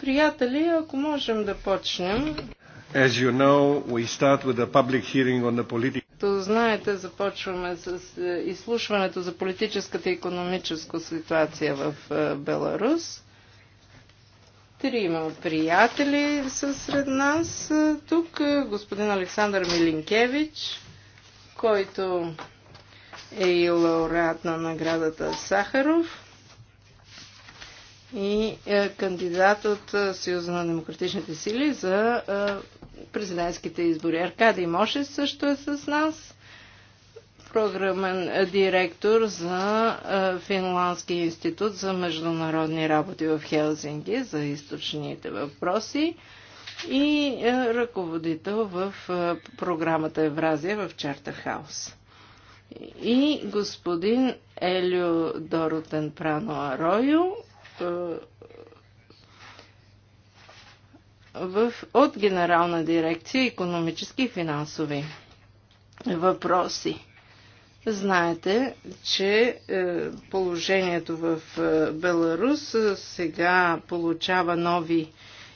Приятели, ако можем да почнем. Uh, Като знаете, започваме с е, изслушването за политическата и економическа ситуация в е, Беларус. Трима приятели са сред нас. Е, тук господин Александър Милинкевич, който е и лауреат на наградата Сахаров и е, кандидат от е, Съюза на демократичните сили за е, президентските избори. Аркадий Моше също е с нас, програмен директор за Финландския институт за международни работи в Хелзинги за източните въпроси и ръководител в програмата Евразия в Чарта Хаус и господин Елио Доротен Прано Арою е, в, от Генерална дирекция економически и финансови въпроси. Знаете, че е, положението в е, Беларус сега получава нови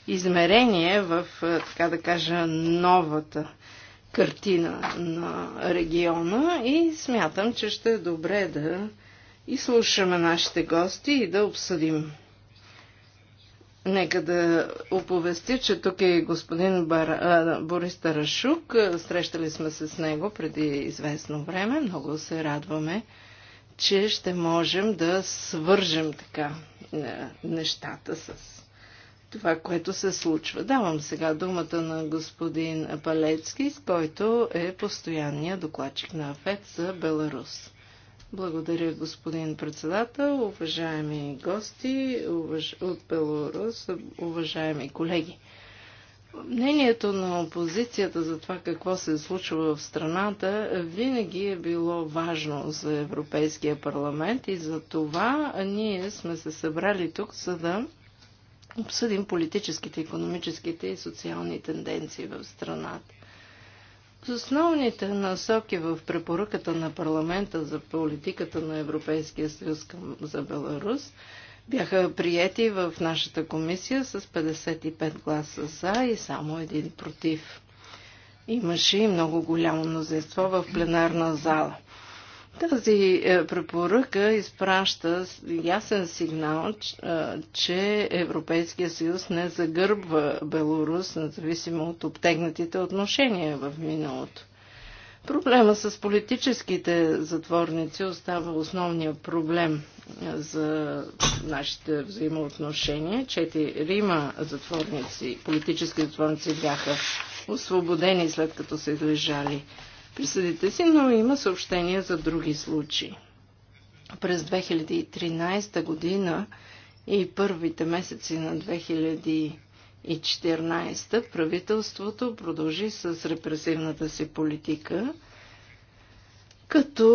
измерения в, така да кажа, новата картина на региона и смятам, че ще е добре да изслушаме нашите гости и да обсъдим. Нека да оповести, че тук е господин Бар... а, Борис Тарашук. Срещали сме се с него преди известно време. Много се радваме, че ще можем да свържем така е, нещата с това, което се случва. Давам сега думата на господин Палецки, който е постоянния докладчик на АФЕД за Беларус. Благодаря, господин председател, уважаеми гости уваж... от Беларус, уважаеми колеги. Мнението на опозицията за това какво се случва в страната винаги е било важно за Европейския парламент и за това ние сме се събрали тук, за да обсъдим политическите, економическите и социални тенденции в страната. основните насоки в препоръката на парламента за политиката на Европейския съюз за Беларус бяха приети в нашата комисия с 55 гласа за и само един против. Имаше и много голямо мнозинство в пленарна зала – тази е, препоръка изпраща ясен сигнал, е, че Европейския съюз не загърбва Беларус, независимо от обтегнатите отношения в миналото. Проблема с политическите затворници остава основния проблем е, за нашите взаимоотношения. Четирима затворници, политически затворници бяха освободени след като са излежали присъдите си, но има съобщения за други случаи. През 2013 година и първите месеци на 2014 правителството продължи с репресивната си политика, като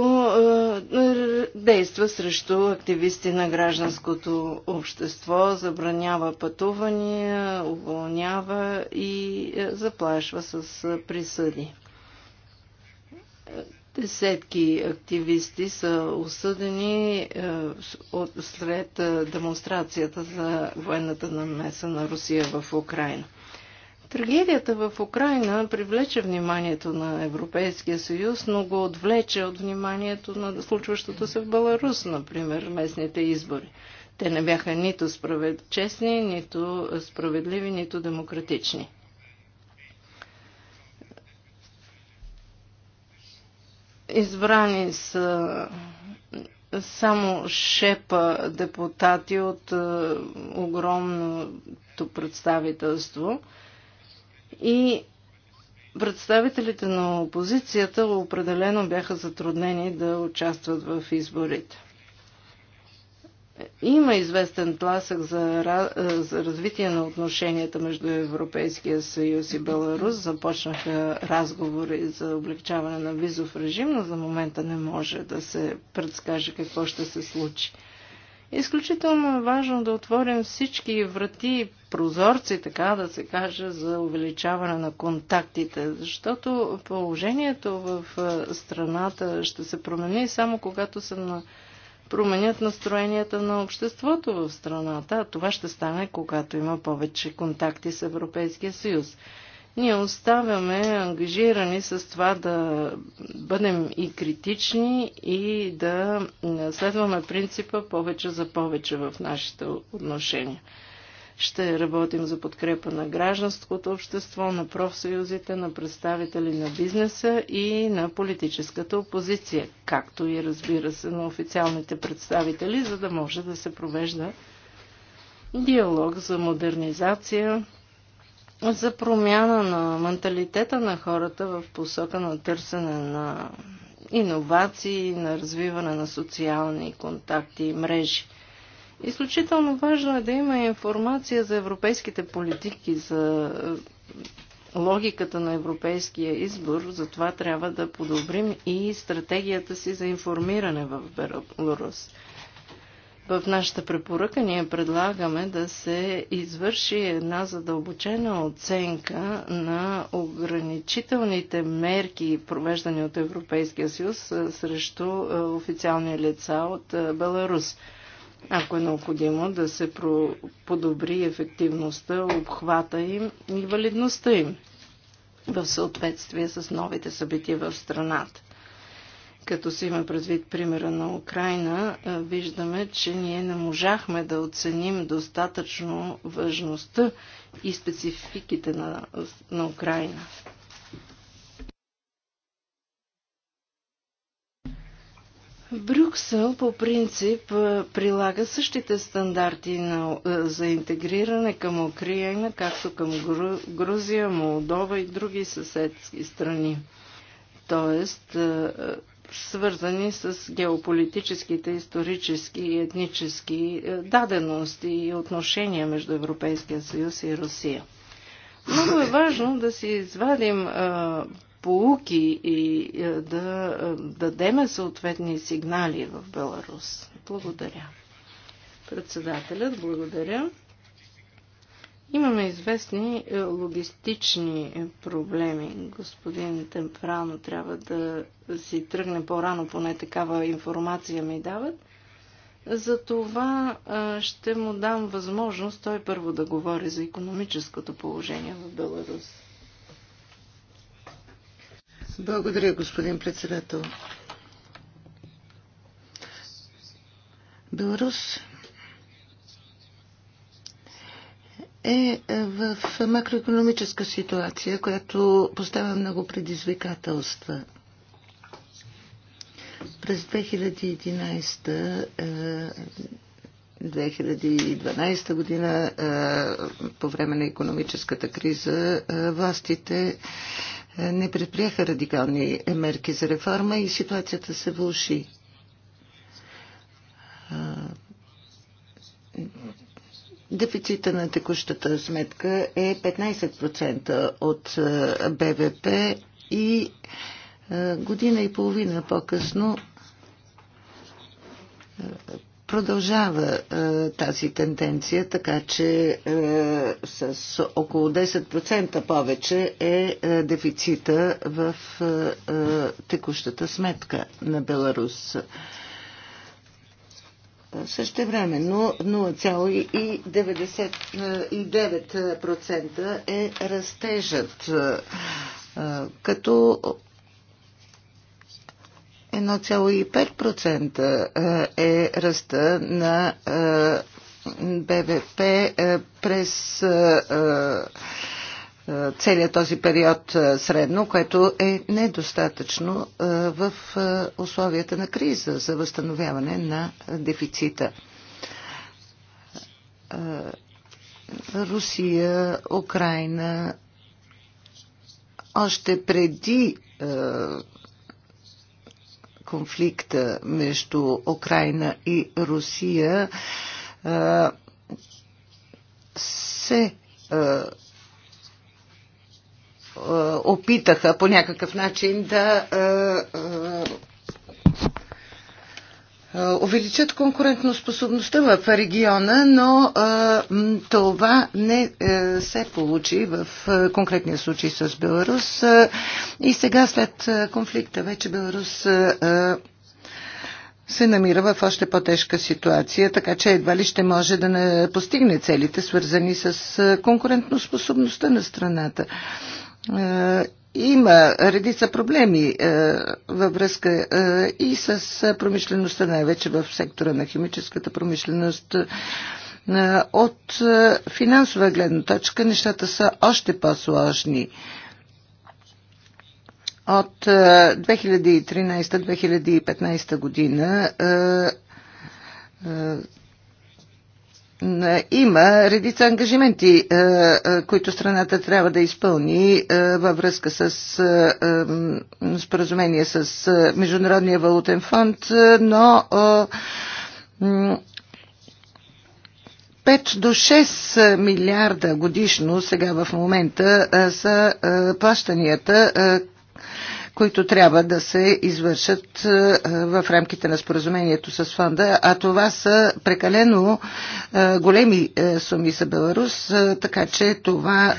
е, действа срещу активисти на гражданското общество, забранява пътувания, уволнява и е, заплашва с присъди. Десетки активисти са осъдени е, след е, демонстрацията за военната намеса на Русия в Украина. Трагедията в Украина привлече вниманието на Европейския съюз, но го отвлече от вниманието на случващото се в Беларус, например, местните избори. Те не бяха нито справед... честни, нито справедливи, нито демократични. Избрани са само шепа депутати от е, огромното представителство и представителите на опозицията определено бяха затруднени да участват в изборите има известен тласък за, за развитие на отношенията между Европейския съюз и Беларус. Започнаха разговори за облегчаване на визов режим, но за момента не може да се предскаже какво ще се случи. Изключително е важно да отворим всички врати и прозорци, така да се каже, за увеличаване на контактите, защото положението в страната ще се промени само когато се на променят настроенията на обществото в страната, а това ще стане, когато има повече контакти с Европейския съюз. Ние оставяме ангажирани с това да бъдем и критични и да следваме принципа повече за повече в нашите отношения. Ще работим за подкрепа на гражданското общество, на профсъюзите, на представители на бизнеса и на политическата опозиция, както и разбира се на официалните представители, за да може да се провежда диалог за модернизация, за промяна на менталитета на хората в посока на търсене на иновации, на развиване на социални контакти и мрежи. Изключително важно е да има информация за европейските политики, за е, логиката на европейския избор, затова трябва да подобрим и стратегията си за информиране в Беларус. В нашата препоръка ние предлагаме да се извърши една задълбочена оценка на ограничителните мерки, провеждани от Европейския съюз е, срещу е, официални лица от Беларус ако е необходимо, да се подобри ефективността, обхвата им и валидността им в съответствие с новите събития в страната. Като си има предвид примера на Украина, виждаме, че ние не можахме да оценим достатъчно важността и спецификите на, на Украина. Брюксел по принцип е, прилага същите стандарти на, е, за интегриране към Украина, както към Грузия, Молдова и други съседски страни. Тоест, е, свързани с геополитическите, исторически и етнически дадености и отношения между Европейския съюз и Русия. Много е важно да си извадим поуки и е, да е, дадеме съответни сигнали в Беларус. Благодаря. Председателят, благодаря. Имаме известни е, логистични проблеми. Господин Темпрано трябва да си тръгне по-рано, поне такава информация ми дават. За това ще му дам възможност той първо да говори за економическото положение в Беларус. Благодаря, господин председател. Беларус е в макроекономическа ситуация, която поставя много предизвикателства. През 2011 2012 е, година е, по време на економическата криза е, властите не предприеха радикални мерки за реформа и ситуацията се влуши. Дефицита на текущата сметка е 15% от БВП и година и половина по-късно продължава е, тази тенденция, така че е, с около 10% повече е, е дефицита в е, е, текущата сметка на Беларус. Също време, но 0,99% е растежът, е, като 1,5% е, е ръста на е, БВП е, през целият този период средно, което е недостатъчно в условията на криза за възстановяване на дефицита. Русия, Украина, още преди конфликта между Украина и Русия се опитаха по някакъв начин да увеличат конкурентноспособността в региона, но това не е, се получи в е, конкретния случай с Беларус. И сега след е, конфликта вече Беларус се намира в още по-тежка ситуация, така че едва ли ще може да не постигне целите, свързани с конкурентноспособността на страната има редица проблеми е, във връзка е, и с е, промишлеността, най-вече в сектора на химическата промишленост. Е, от е, финансова гледна точка нещата са още по-сложни. От е, 2013-2015 година е, е има редица ангажименти, е, е, които страната трябва да изпълни е, във връзка с споразумение с Международния валутен фонд, но 5 до 6 милиарда годишно сега в момента са плащанията, които трябва да се извършат е, в рамките на споразумението с фонда, а това са прекалено е, големи е, суми за Беларус, така че това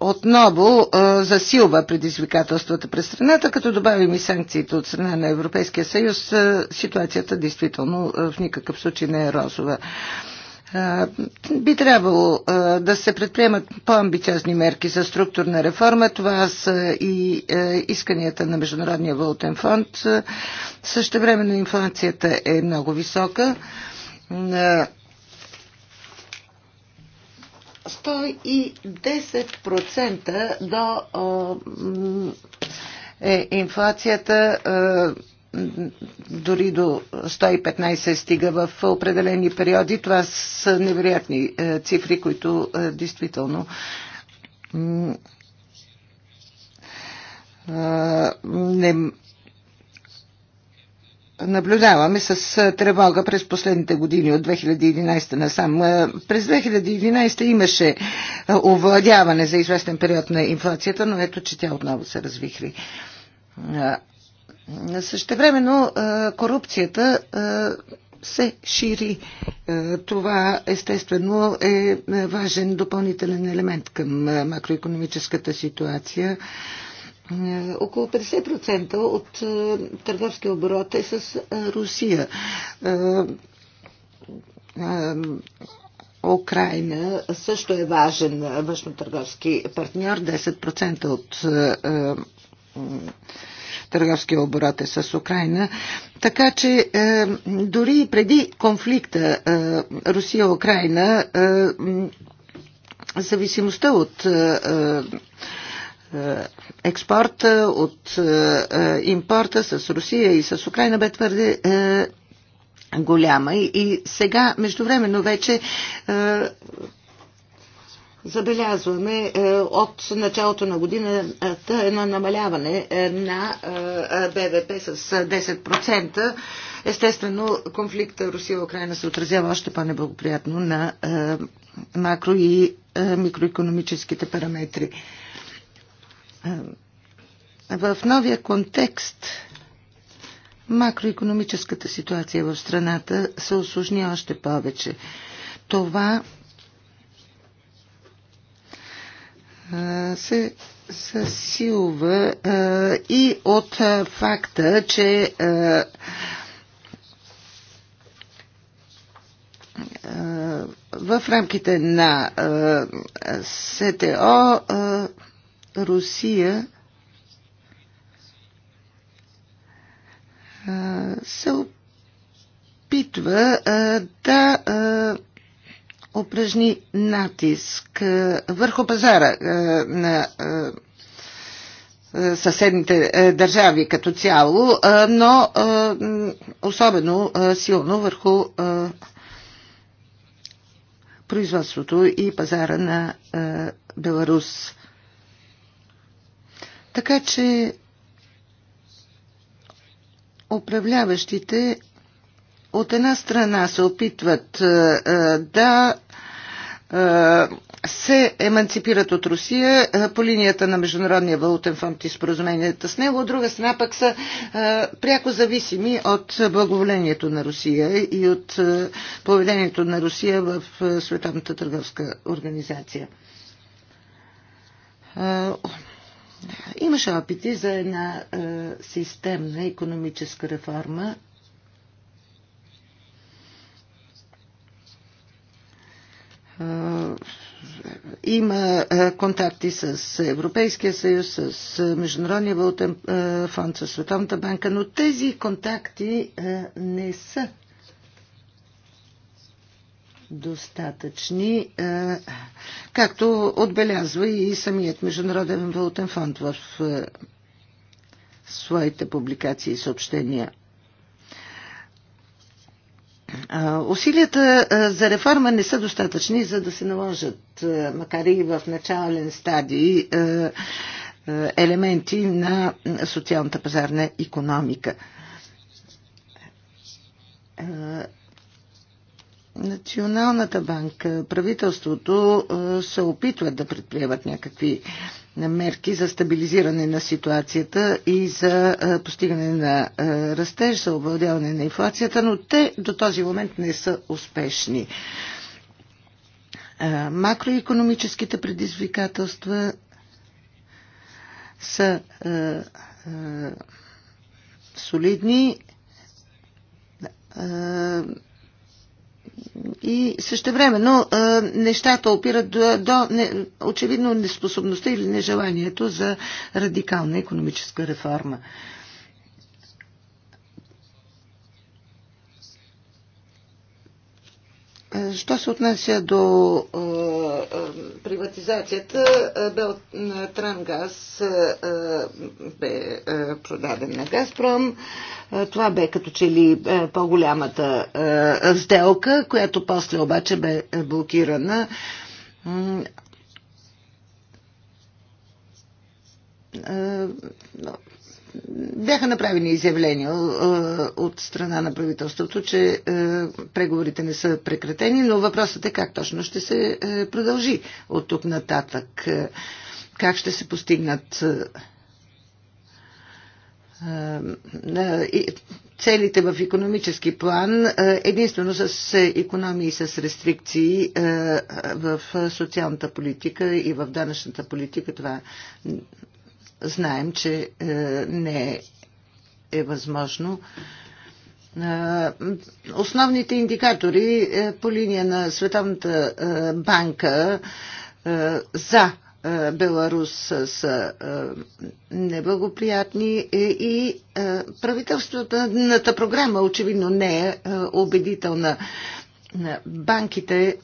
отново засилва предизвикателствата през страната, като добавим и санкциите от страна на Европейския съюз, ситуацията действително в никакъв случай не е розова. Би трябвало да се предприемат по-амбициозни мерки за структурна реформа. Това са и исканията на Международния валутен фонд. Също време на инфлацията е много висока. 110% до е инфлацията дори до 115 стига в определени периоди. Това са невероятни е, цифри, които е, действително е, не наблюдаваме с тревога през последните години от 2011 насам. През 2011 имаше овладяване за известен период на инфлацията, но ето, че тя отново се развихри. Същевременно корупцията се шири. Това естествено е важен допълнителен елемент към макроекономическата ситуация. Около 50% от търговския оборот е с Русия. Украина също е важен външно-търговски партньор. 10% от търговския оборот е с Украина. Така че е, дори и преди конфликта е, Русия-Украина, е, зависимостта от е, е експорта, от е, е, импорта с Русия и с Украина бе твърде е, голяма. И, и сега, междувременно, вече е, Забелязваме е, от началото на годината едно намаляване е, на е, БВП с 10%. Естествено, конфликта Русия-Украина се отразява още по-неблагоприятно на макро и микроекономическите параметри. В новия контекст макроекономическата ситуация в страната се осложни още повече. Това се засилва и от факта, че в рамките на СТО Русия се опитва да упражни натиск е, върху пазара е, на е, съседните държави като цяло, но особено силно върху производството и пазара на Беларус. Така че управляващите от една страна се опитват е, е, да е, се еманципират от Русия по линията на Международния валутен фонд и споразуменията с него. От друга страна пък са пряко зависими от благоволението на Русия и от поведението на Русия в Световната търговска организация. Имаше опити за една системна економическа реформа Е, има е, контакти с Европейския съюз, с е, Международния валутен фонд, с Световната банка, но тези контакти не са достатъчни, както отбелязва и самият Международен валутен фонд в своите публикации и съобщения. Усилията за реформа не са достатъчни, за да се наложат, макар и в начален стадий, елементи на социалната пазарна економика. Националната банка, правителството се опитват да предприемат някакви мерки за стабилизиране на ситуацията и за постигане на растеж, за обладяване на инфлацията, но те до този момент не са успешни. Макроекономическите предизвикателства са солидни и същевременно нещата опират до, до не, очевидно неспособността или нежеланието за радикална економическа реформа. Е, що се отнася до е, е, приватизацията, Белтрангаз бе продаден на Газпром. Това бе като че ли по-голямата сделка, която после обаче бе блокирана бяха направени изявления е, от страна на правителството, че е, преговорите не са прекратени, но въпросът е как точно ще се е, продължи от тук нататък. Как ще се постигнат целите в економически план, единствено с економии и с рестрикции в социалната политика и в данъчната политика, това знаем, че е, не е възможно. Е, основните индикатори е, по линия на Световната банка за Беларус са неблагоприятни и правителствената програма очевидно не е убедителна. Банките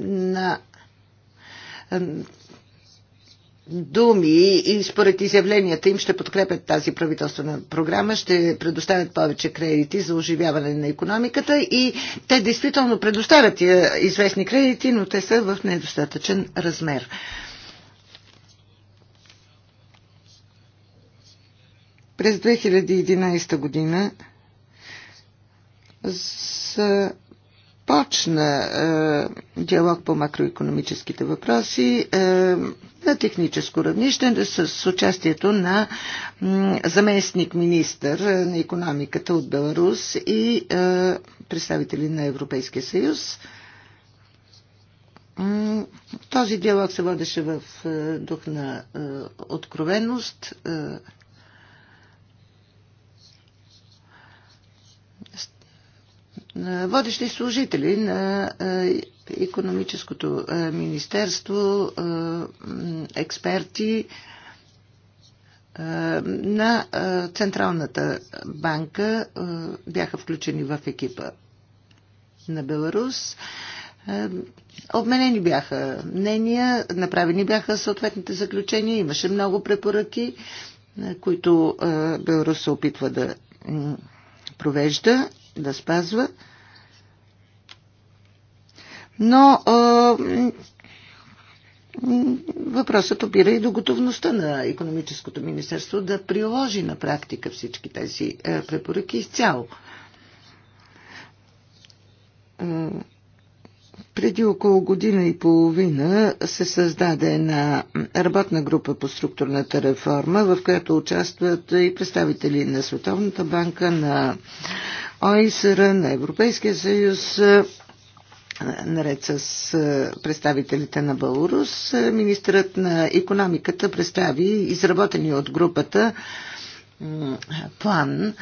на думи и според изявленията им ще подкрепят тази правителствена програма, ще предоставят повече кредити за оживяване на економиката и те действително предоставят известни кредити, но те са в недостатъчен размер. През 2011 година за започна е, диалог по макроекономическите въпроси е, на техническо равнище с участието на заместник министър на економиката от Беларус и е, представители на Европейския съюз. Този диалог се водеше в е, дух на е, откровеност, е, водещи служители на е, економическото е, министерство, е, експерти на Централната банка бяха включени в екипа на Беларус. Обменени бяха мнения, направени бяха съответните заключения, имаше много препоръки, които Беларус се опитва да провежда да спазва. Но а, въпросът опира и до готовността на економическото министерство да приложи на практика всички тези препоръки изцяло преди около година и половина се създаде една работна група по структурната реформа, в която участват и представители на Световната банка, на ОИСР, на Европейския съюз, наред с представителите на Беларус. Министрът на економиката представи изработени от групата план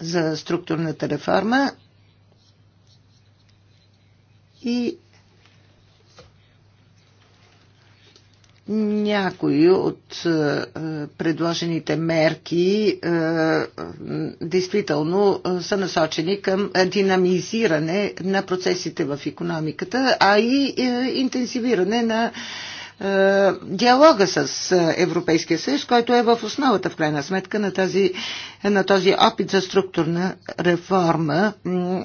за структурната реформа и някои от е, предложените мерки е, действително е, са насочени към динамизиране на процесите в економиката, а и интенсивиране на е, диалога с е, Европейския съюз, който е в основата в крайна сметка на, тази, на този опит за структурна реформа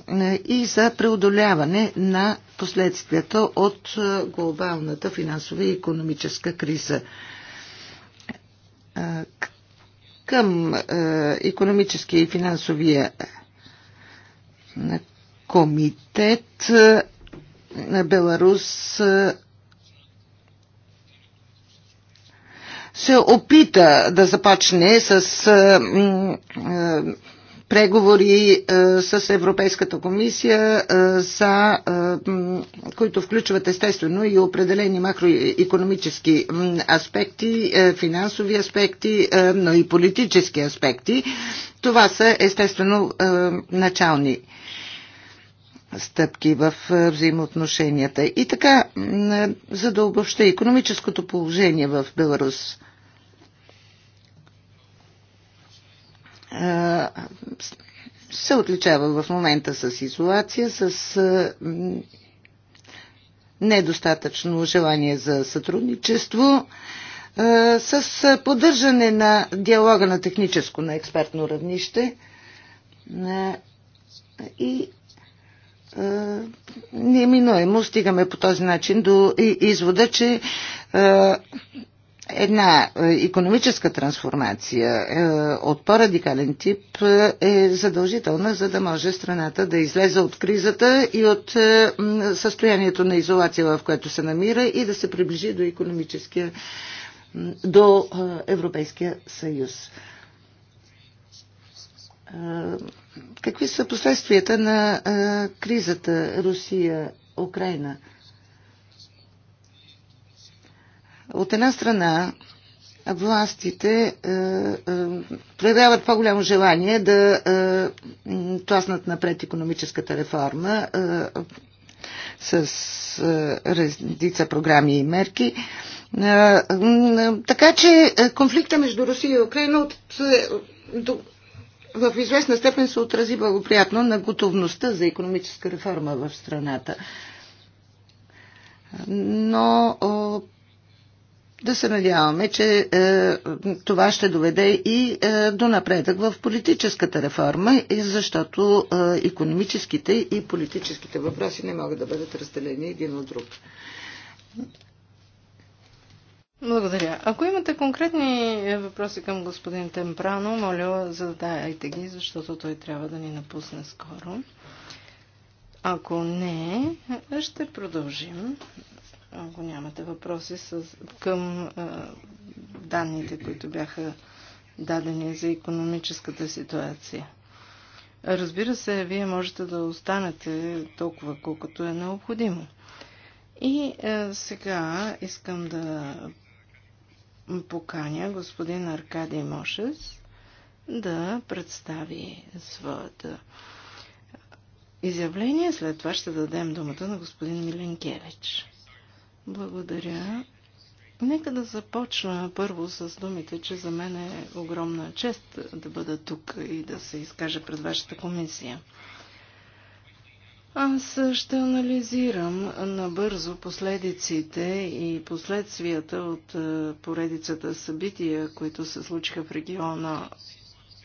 е, и за преодоляване на последствията от глобалната финансова и економическа криза към економическия и финансовия комитет на Беларус се опита да започне с а, е, а, е, преговори а, е, с Европейската комисия, а, са, а, които включват естествено и определени макроекономически аспекти, а, финансови аспекти, а, но и политически аспекти. Това са естествено а, начални стъпки в взаимоотношенията. И така, за да обобща економическото положение в Беларус. се отличава в момента с изолация, с недостатъчно желание за сътрудничество, с поддържане на диалога на техническо, на експертно равнище и неминуемо стигаме по този начин до извода, че една економическа трансформация е, от по-радикален тип е, е задължителна, за да може страната да излезе от кризата и от е, състоянието на изолация, в което се намира и да се приближи до економическия, до Европейския съюз. Какви са последствията на кризата Русия-Украина? От една страна, властите е, е, проявяват по-голямо желание да е, тласнат напред економическата реформа е, с е, редица програми и мерки. Е, е, така че е, конфликта между Русия и Украина от, е, до, в известна степен се отрази благоприятно на готовността за економическа реформа в страната. Но да се надяваме, че е, това ще доведе и е, до напредък в политическата реформа, защото е, економическите и политическите въпроси не могат да бъдат разделени един от друг. Благодаря. Ако имате конкретни въпроси към господин Темпрано, моля, задайте ги, защото той трябва да ни напусне скоро. Ако не, ще продължим ако нямате въпроси с, към а, данните, които бяха дадени за економическата ситуация. Разбира се, вие можете да останете толкова, колкото е необходимо. И а, сега искам да поканя господин Аркадий Мошес да представи своята изявление. След това ще дадем думата на господин Миленкевич. Благодаря. Нека да започна първо с думите, че за мен е огромна чест да бъда тук и да се изкажа пред вашата комисия. Аз ще анализирам набързо последиците и последствията от е, поредицата събития, които се случиха в региона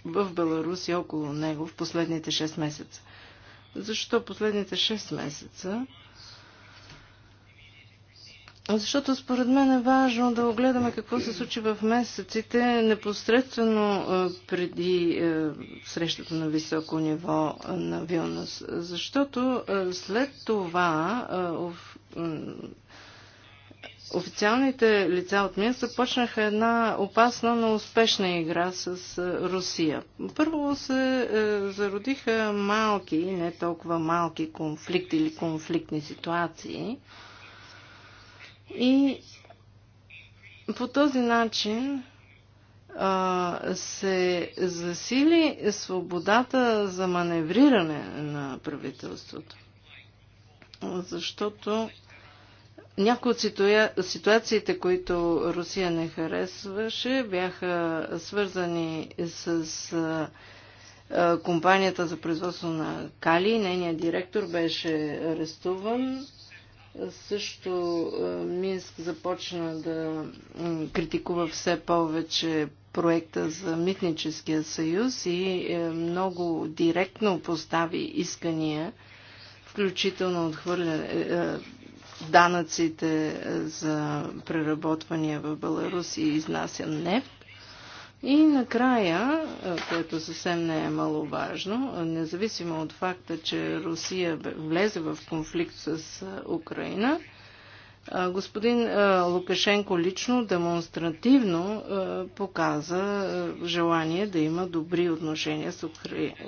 в Беларус и около него в последните 6 месеца. Защо последните 6 месеца? Защото според мен е важно да огледаме какво се случи в месеците непосредствено преди срещата на високо ниво на Вилнус. Защото след това официалните лица от Минск започнаха една опасна, но успешна игра с Русия. Първо се зародиха малки, не толкова малки конфликти или конфликтни ситуации – и по този начин се засили свободата за маневриране на правителството. Защото някои от ситуа... ситуациите, които Русия не харесваше, бяха свързани с а, компанията за производство на Кали. Нейният директор беше арестуван също е, Минск започна да критикува все повече проекта за Митническия съюз и е, много директно постави искания, включително отхвърля е, данъците за преработвания в Беларус и изнася нефт и накрая, което съвсем не е маловажно, независимо от факта, че Русия влезе в конфликт с Украина, господин Лукашенко лично демонстративно показа желание да има добри отношения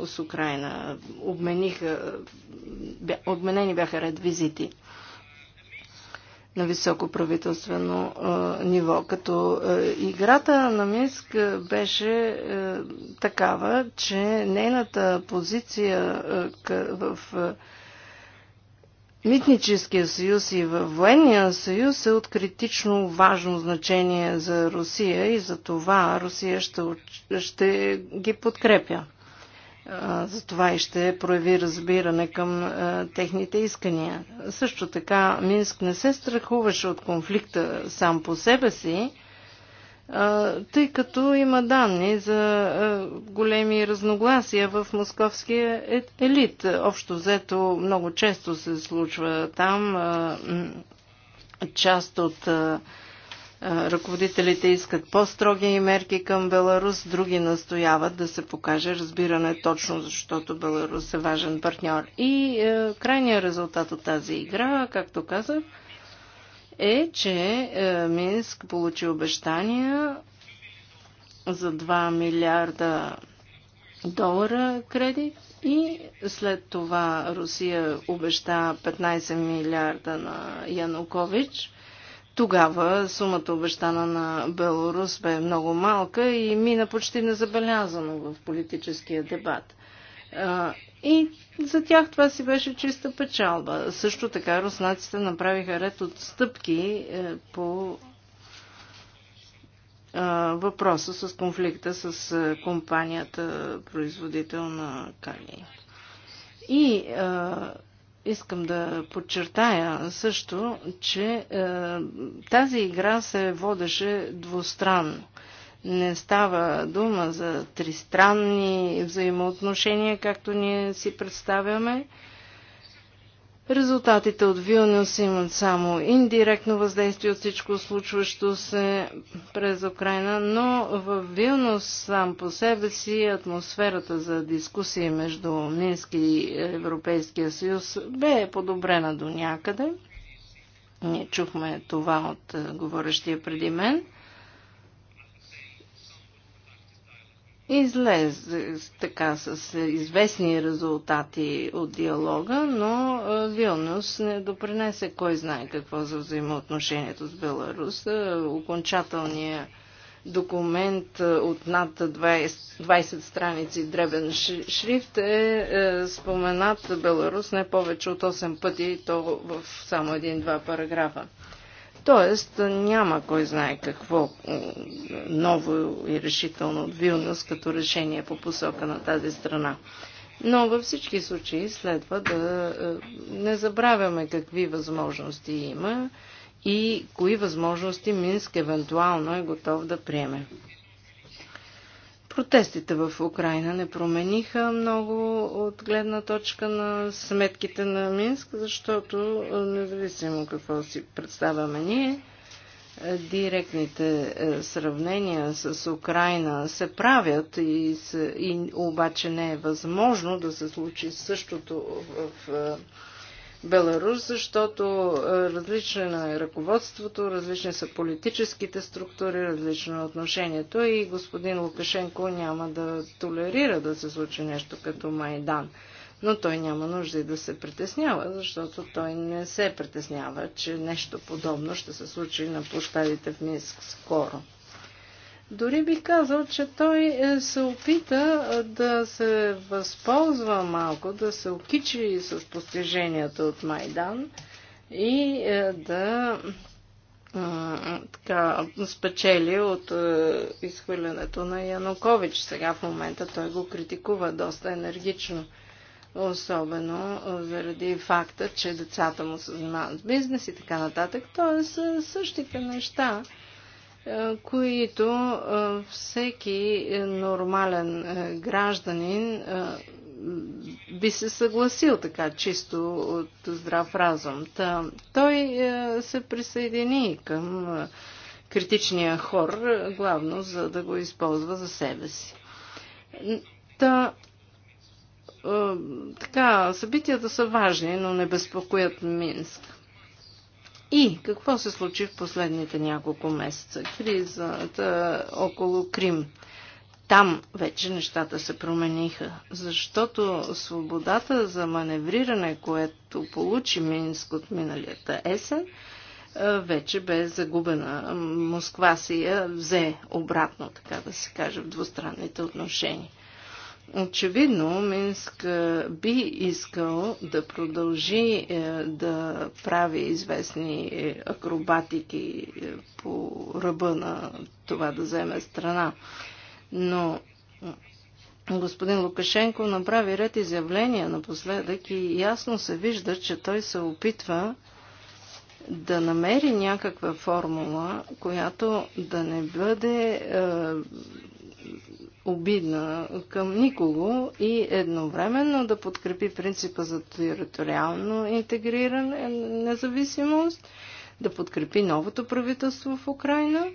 с Украина. Обмениха, обменени бяха ред визити на високо правителствено а, ниво. Като а, играта на Минск беше а, такава, че нейната позиция а, къ, в а, Митническия съюз и във военния съюз е от критично важно значение за Русия и за това Русия ще, ще ги подкрепя. Затова и ще прояви разбиране към техните искания. Също така Минск не се страхуваше от конфликта сам по себе си, тъй като има данни за големи разногласия в московския е, елит. Общо взето много често се случва там част от Ръководителите искат по-строги мерки към Беларус, други настояват да се покаже разбиране точно защото Беларус е важен партньор. И е, крайният резултат от тази игра, както казах, е, че е, Минск получи обещания за 2 милиарда долара кредит и след това Русия обеща 15 милиарда на Янукович тогава сумата обещана на Беларус бе много малка и мина почти незабелязано в политическия дебат. И за тях това си беше чиста печалба. Също така руснаците направиха ред от стъпки е, по въпроса с конфликта с е, компанията производител на калий. И а, Искам да подчертая също, че е, тази игра се водеше двустранно. Не става дума за тристранни взаимоотношения, както ние си представяме, Резултатите от Вилнюс имат само индиректно въздействие от всичко случващо се през Украина, но в Вилнюс сам по себе си атмосферата за дискусии между Мински и Европейския съюз бе подобрена до някъде. Ние чухме това от е, говорещия преди мен – излезе така с известни резултати от диалога, но Вилнюс не допринесе кой знае какво за взаимоотношението с Беларус. Окончателният документ от над 20, 20 страници дребен шрифт е, е споменат Беларус не повече от 8 пъти, то в само един-два параграфа. Тоест няма кой знае какво ново и решително от Вилнюс като решение по посока на тази страна. Но във всички случаи следва да е, не забравяме какви възможности има и кои възможности Минск евентуално е готов да приеме. Протестите в Украина не промениха много от гледна точка на сметките на Минск, защото независимо какво си представяме ние, е, директните е, сравнения с Украина се правят и, с, и обаче не е възможно да се случи същото в Беларус, защото е, различно е ръководството, различни са политическите структури, различно е отношението и господин Лукашенко няма да толерира да се случи нещо като Майдан. Но той няма нужда и да се притеснява, защото той не се притеснява, че нещо подобно ще се случи на площадите в Минск скоро. Дори бих казал, че той е, се опита е, да се възползва малко, да се окичи с постиженията от Майдан и е, да така, спечели от изхвърлянето на Янукович. Сега в момента той го критикува доста енергично. Особено заради факта, че децата му се занимават с бизнес и така нататък. Тоест същите неща е, които е, всеки нормален е, гражданин би се съгласил така чисто от здрав разум. Та, той се присъедини към критичния хор, главно за да го използва за себе си. Та, така, събитията са важни, но не безпокоят Минск. И какво се случи в последните няколко месеца? Кризата около Крим. Там вече нещата се промениха, защото свободата за маневриране, което получи Минск от миналията есен, вече бе загубена. Москва си я взе обратно, така да се каже, в двустранните отношения. Очевидно Минск би искал да продължи е, да прави известни е, акробатики е, по ръба на това да вземе страна. Но господин Лукашенко направи ред изявления напоследък и ясно се вижда, че той се опитва да намери някаква формула, която да не бъде обидна към никого и едновременно да подкрепи принципа за териториално интегриране, независимост, да подкрепи новото правителство в Украина,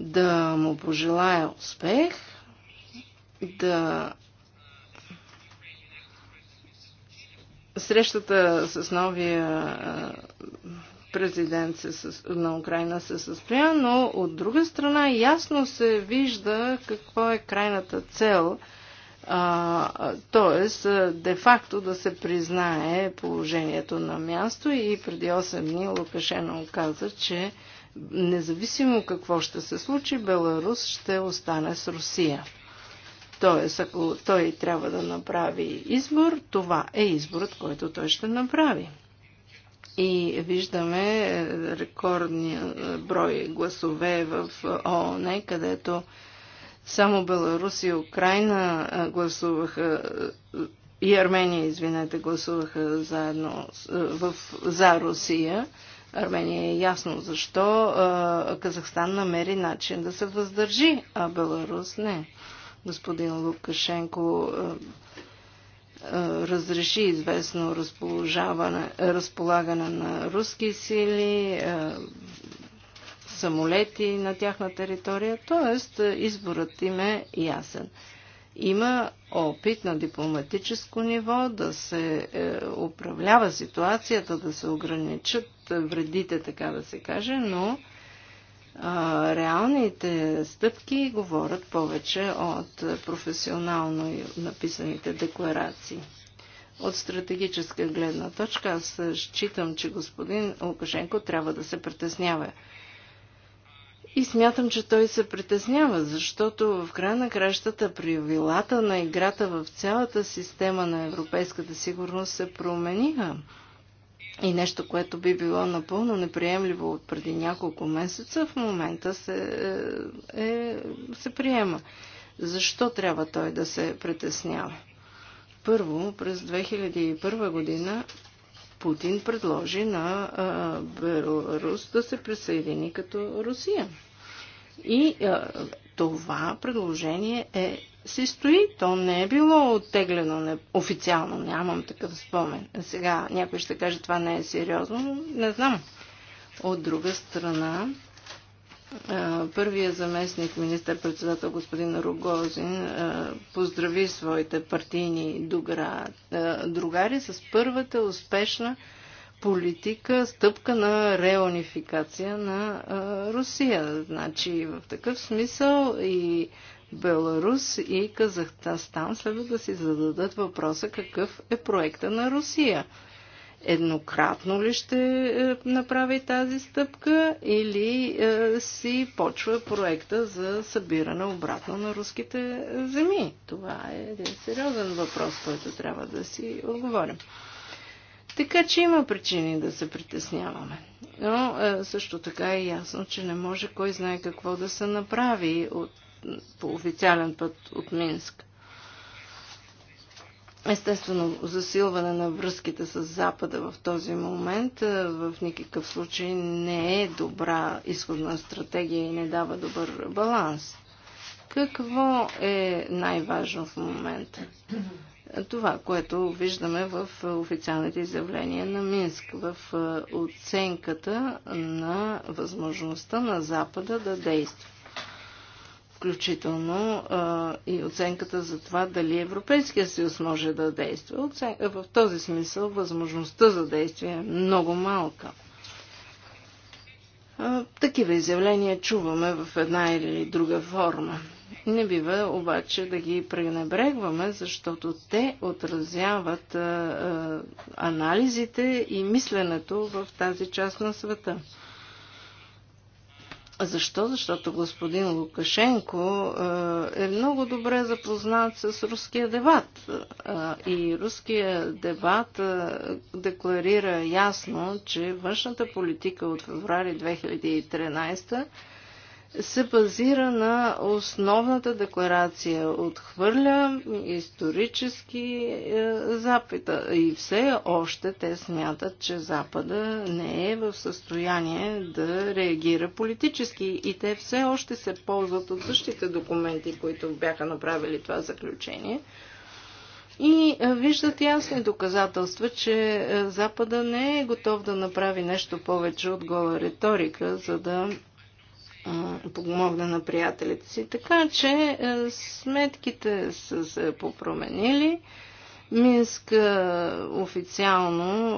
да му пожелая успех, да срещата с новия президент на Украина се състоя, но от друга страна ясно се вижда какво е крайната цел, т.е. де-факто да се признае положението на място и преди 8 дни Лукашено каза, че независимо какво ще се случи, Беларус ще остане с Русия. Тоест, ако той трябва да направи избор, това е изборът, който той ще направи. И виждаме е, рекордния е, брой гласове в е, ООН, където само Беларус и Украина гласуваха и Армения, извинете, гласуваха заедно в, за Русия. Армения е ясно защо. Казахстан намери начин да се въздържи, а Беларус не. Господин Лукашенко разреши известно разполагане на руски сили, самолети на тяхна територия, т.е. изборът им е ясен. Има опит на дипломатическо ниво да се е, управлява ситуацията, да се ограничат вредите, така да се каже, но реалните стъпки говорят повече от професионално написаните декларации. От стратегическа гледна точка аз считам, че господин Лукашенко трябва да се притеснява. И смятам, че той се притеснява, защото в края на кращата правилата на играта в цялата система на европейската сигурност се промениха и нещо, което би било напълно неприемливо от преди няколко месеца, в момента се, е, е, се приема. Защо трябва той да се притеснява? Първо, през 2001 година Путин предложи на а, Беларус да се присъедини като Русия. И а, това предложение е си стои. То не е било оттеглено не, официално, нямам такъв спомен. Сега някой ще каже, това не е сериозно, но не знам. От друга страна, първия заместник министър-председател господин Рогозин поздрави своите партийни дугра, другари с първата успешна политика, стъпка на реунификация на Русия. Значи в такъв смисъл и Беларус и Казахстан следва да си зададат въпроса какъв е проекта на Русия. Еднократно ли ще е, направи тази стъпка или е, си почва проекта за събиране обратно на руските земи? Това е един сериозен въпрос, който трябва да си отговорим. Така че има причини да се притесняваме. Но е, също така е ясно, че не може кой знае какво да се направи от по официален път от Минск. Естествено, засилване на връзките с Запада в този момент в никакъв случай не е добра изходна стратегия и не дава добър баланс. Какво е най-важно в момента? Това, което виждаме в официалните изявления на Минск, в оценката на възможността на Запада да действа включително а, и оценката за това дали Европейския съюз може да действа. Оцен... В този смисъл възможността за действие е много малка. А, такива изявления чуваме в една или друга форма. Не бива обаче да ги пренебрегваме, защото те отразяват а, а, анализите и мисленето в тази част на света. Защо? Защото господин Лукашенко е, е много добре запознат с руския дебат. Е, и руския дебат е, декларира ясно, че външната политика от феврари 2013 се базира на основната декларация. Отхвърля исторически е, запита. И все още те смятат, че Запада не е в състояние да реагира политически. И те все още се ползват от същите документи, които бяха направили това заключение. И е, виждат ясни доказателства, че е, Запада не е готов да направи нещо повече от гола риторика, за да помогне на приятелите си. Така че сметките са се попроменили. Минск официално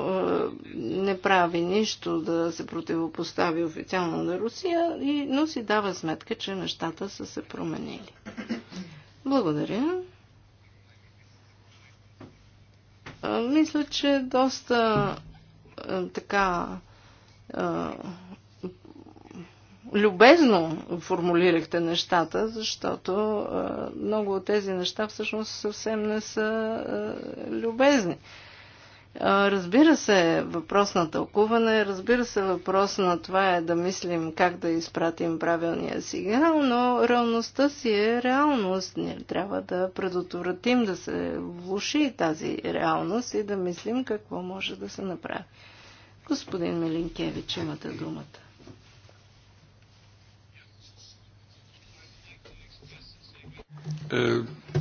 не прави нищо да се противопостави официално на Русия, но си дава сметка, че нещата са се променили. Благодаря. Мисля, че доста така любезно формулирахте нещата, защото а, много от тези неща всъщност съвсем не са а, любезни. А, разбира се, въпрос на тълкуване, разбира се, въпрос на това е да мислим как да изпратим правилния сигнал, но реалността си е реалност. Ние трябва да предотвратим да се влуши тази реалност и да мислим какво може да се направи. Господин Милинкевич, имате думата. Е,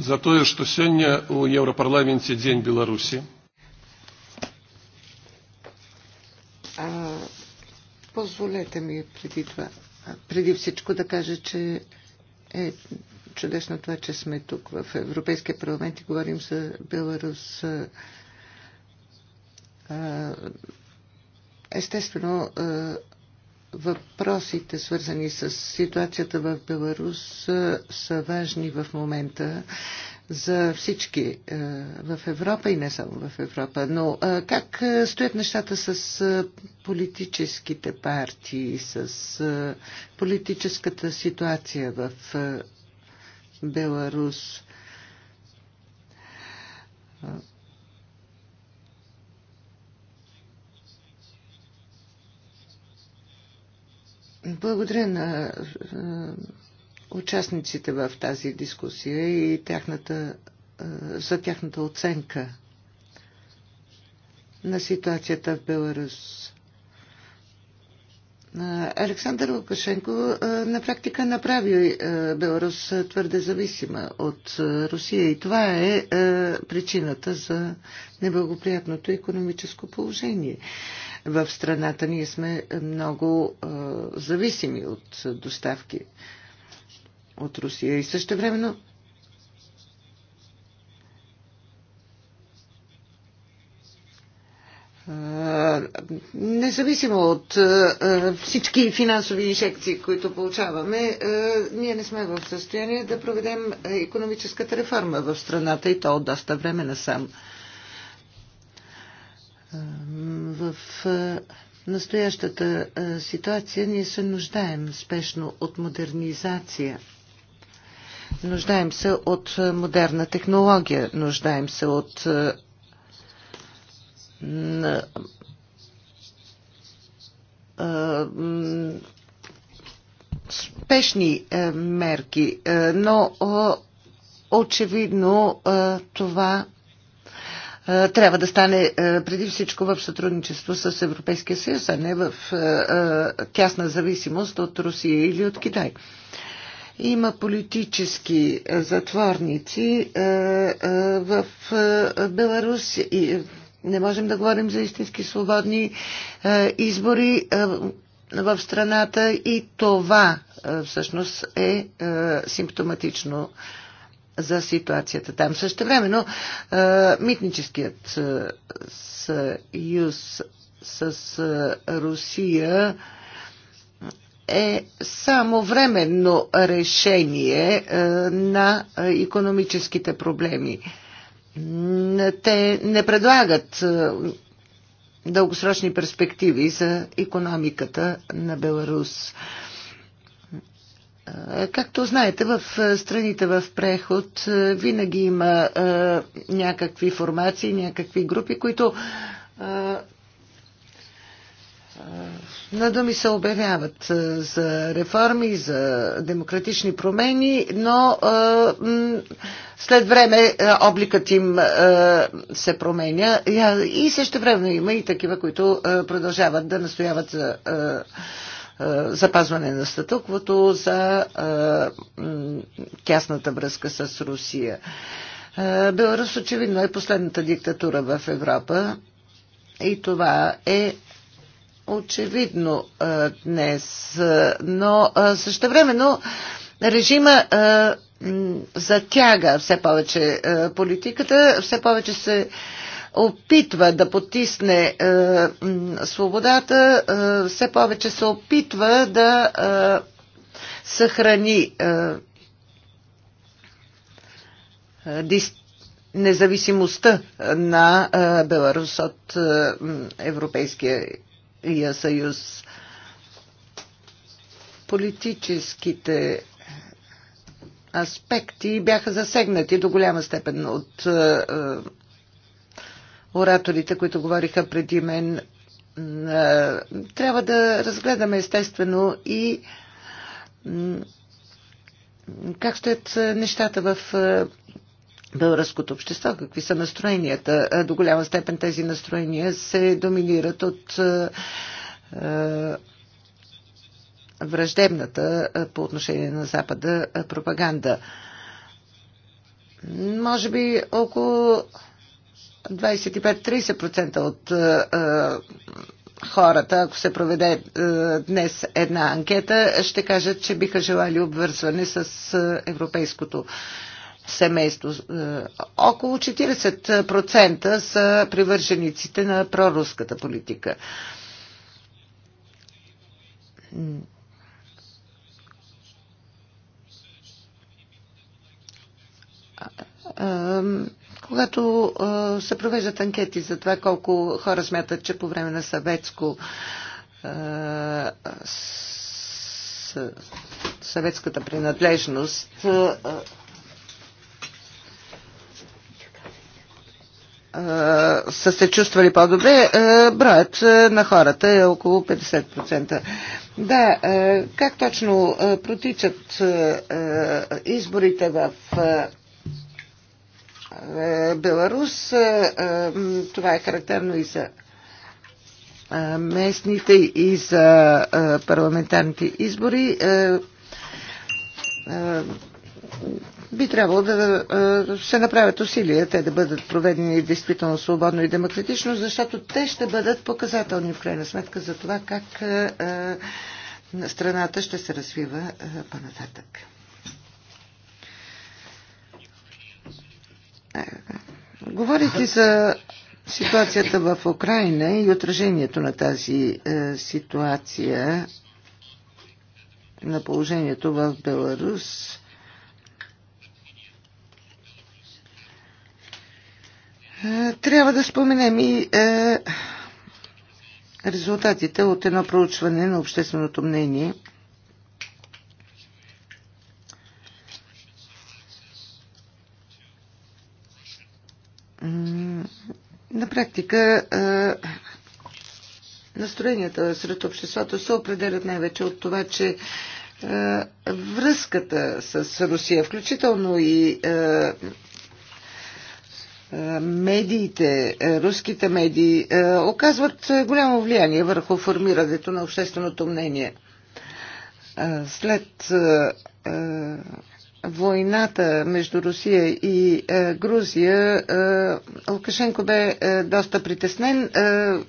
за то, что сегодня у Европарламенте День Беларуси. А, позволете ми преди това, преди всичко да кажа, че е чудесно това, че сме тук в Европейския парламент и говорим за Беларус. Естествено, въпросите, свързани с ситуацията в Беларус, е, са важни в момента за всички е, в Европа и не само в Европа. Но е, как стоят нещата с политическите партии, с политическата ситуация в Беларус? Благодаря на участниците в тази дискусия и тяхната, за тяхната оценка на ситуацията в Беларус. Александър Лукашенко на практика направи Беларус твърде зависима от Русия и това е причината за неблагоприятното економическо положение в страната ние сме много зависими от доставки от Русия. И също времено независимо от всички финансови инжекции, които получаваме, ние не сме в състояние да проведем економическата реформа в страната и то от доста време насам. В е, настоящата е, ситуация ние се нуждаем спешно от модернизация. Нуждаем се от е, модерна технология, нуждаем се от спешни мерки, но очевидно това е, трябва да стане е, преди всичко в сътрудничество с Европейския съюз, а не в е, тясна зависимост от Русия или от Китай. Има политически затворници в Беларус и не можем да говорим за истински свободни избори в страната и това всъщност е симптоматично за ситуацията там. Също време, но митническият съюз с Русия е само временно решение на економическите проблеми. Те не предлагат дългосрочни перспективи за економиката на Беларус. Както знаете, в страните в преход винаги има някакви формации, някакви групи, които на думи се обявяват за реформи, за демократични промени, но след време обликът им се променя и също време има и такива, които продължават да настояват за е, запазване на статуквото, за е, тясната връзка с Русия. Е, Беларус очевидно е последната диктатура в Европа и това е очевидно днес. Но също времено режима затяга все повече политиката, все повече се опитва да потисне е, свободата, е, все повече се опитва да е, съхрани е, е дис, независимостта на е, Беларус от е, Европейския съюз. Политическите аспекти бяха засегнати до голяма степен от е, е ораторите, които говориха преди мен. Трябва да разгледаме естествено и как стоят нещата в българското общество, какви са настроенията. До голяма степен тези настроения се доминират от враждебната по отношение на Запада пропаганда. Може би около 25-30% от е, е, хората, ако се проведе е, днес една анкета, ще кажат, че биха желали обвързване с европейското семейство. Около 40% са привържениците на проруската политика. Um, когато се провеждат анкети за това колко хора смятат, че по време на съветско съветската принадлежност са се чувствали по-добре, броят на хората е около 50%. Да, как точно протичат изборите в е, Беларус. Е, е, това е характерно и за местните и за парламентарните избори. Би трябвало да се направят усилия те да бъдат проведени действително свободно и демократично, защото те ще бъдат показателни в крайна сметка за това как страната ще се развива по-нататък. Говорите за ситуацията в Украина и отражението на тази е, ситуация на положението в Беларус. Е, трябва да споменем и е, резултатите от едно проучване на общественото мнение – На практика настроенията сред обществото се определят най-вече от това, че връзката с Русия, включително и медиите, руските медии, оказват голямо влияние върху формирането на общественото мнение. След войната между Русия и е, Грузия, е, Лукашенко бе е, доста притеснен. Е, е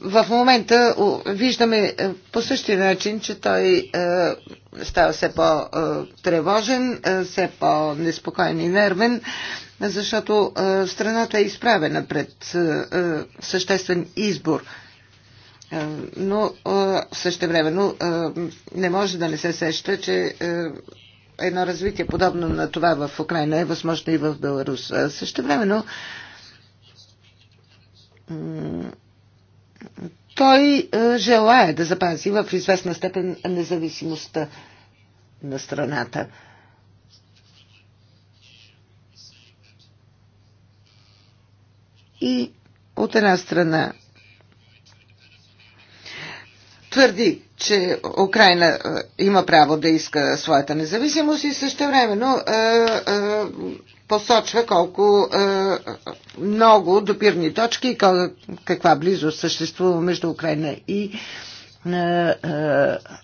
в момента виждаме е, по същия начин, че той е, става все по-тревожен, е, все по-неспокоен и нервен, защото страната е изправена пред съществен избор но времено не може да не се сеща, че едно развитие подобно на това в Украина е възможно и в Беларус. Също времено той желая да запази в известна степен независимостта на страната. И от една страна твърди, че Украина е, има право да иска своята независимост и времено е, е, посочва колко много допирни точки и каква близост съществува между Украина и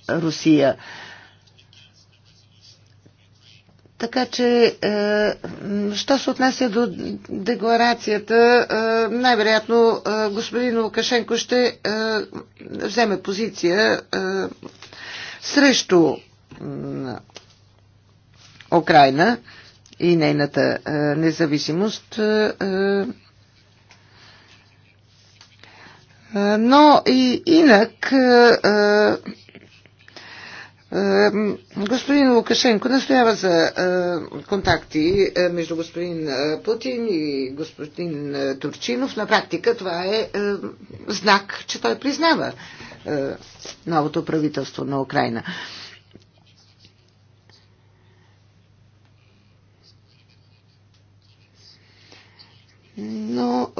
Русия. Така че, е, що се отнася до декларацията, е, най-вероятно е, господин Лукашенко ще е, вземе позиция е, срещу е, Украина и нейната е, независимост. Е, е, е но и инак. Е, е, Господин Лукашенко настоява за е, контакти е, между господин е, Путин и господин Турчинов. На практика това е знак, че той признава новото правителство на Украина. Но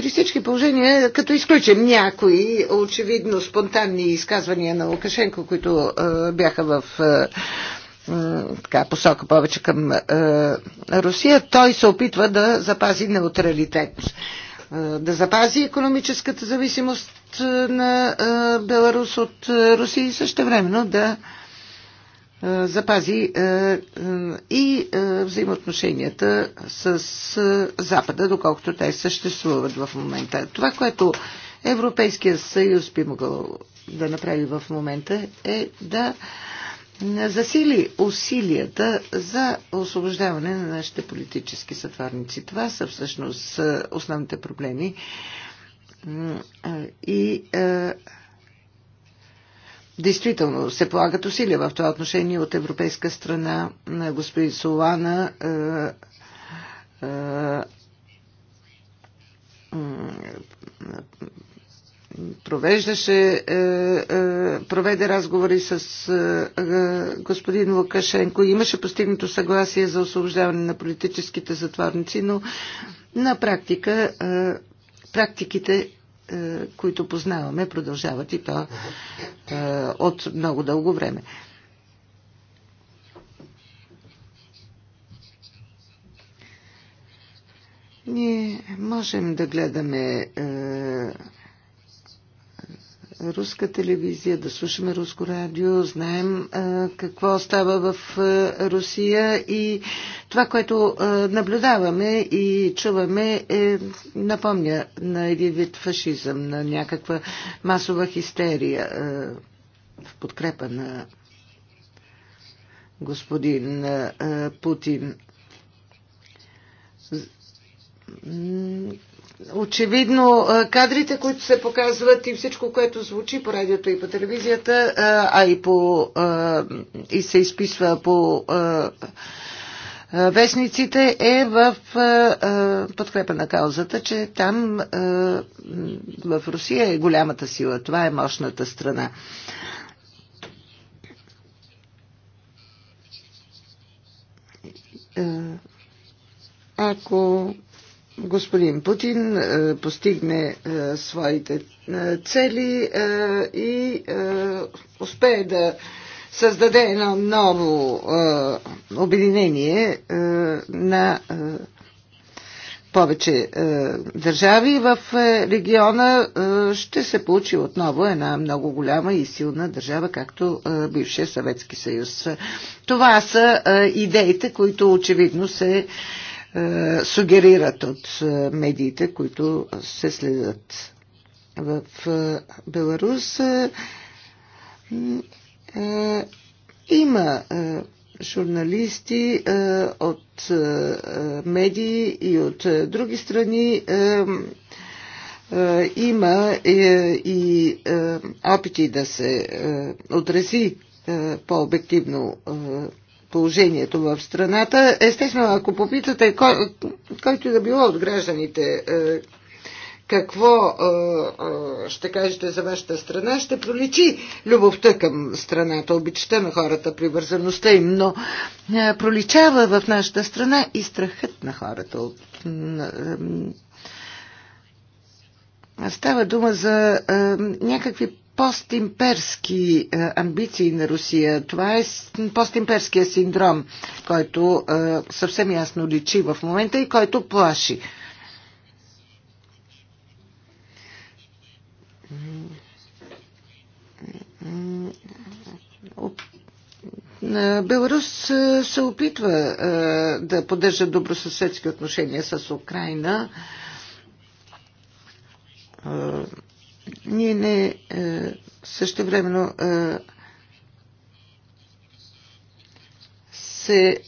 при всички положения, като изключим някои очевидно спонтанни изказвания на Лукашенко, които е, бяха в е, така, посока повече към е, Русия, той се опитва да запази неутралитет. Е, да запази економическата зависимост е, на е, Беларус от Русия и също времено да е, запази е, е, и взаимоотношенията с Запада, доколкото те съществуват в момента. Това, което Европейския съюз би могъл да направи в момента е да засили усилията за освобождаване на нашите политически сътворници. Това са всъщност основните проблеми и Действително се полагат усилия в това отношение от европейска страна на господин Солана. Е, е, провеждаше, е, проведе разговори с господин Лукашенко. Имаше постигнато съгласие за освобождаване на политическите затворници, но на практика практиките е, които познаваме, продължават и то е, от много дълго време. Ние можем да гледаме е, руска телевизия, да слушаме руско радио, знаем а, какво става в а, Русия и това, което а, наблюдаваме и чуваме, е, напомня на един вид фашизъм, на някаква масова хистерия а, в подкрепа на господин а, Путин Очевидно, кадрите, които се показват и всичко, което звучи по радиото и по телевизията, а и, по, и се изписва по вестниците, е в подкрепа на каузата, че там в Русия е голямата сила. Това е мощната страна. Ако господин Путин е, постигне е, своите е, цели и успее да създаде едно ново обединение на повече държави в региона, ще се получи отново една много голяма и силна държава, както бившия Съветски съюз. Това са идеите, които очевидно се е, сугерират от е, медиите, които се следят в е, Беларус. Има журналисти от медии и от други страни. Има и опити да се отрази по-обективно положението в страната. Естествено, ако попитате кой, който и да било от гражданите е, какво е, е, ще кажете за вашата страна, ще проличи любовта към страната, обичата на хората, привързаността им, но проличава в нашата страна и страхът на хората от Става дума за някакви постимперски е, амбиции на Русия. Това е постимперския синдром, който е, съвсем ясно личи в момента и който плаши. Е, Беларус се опитва да поддържа добросъседски отношения с Украина ние не е, също времено е, се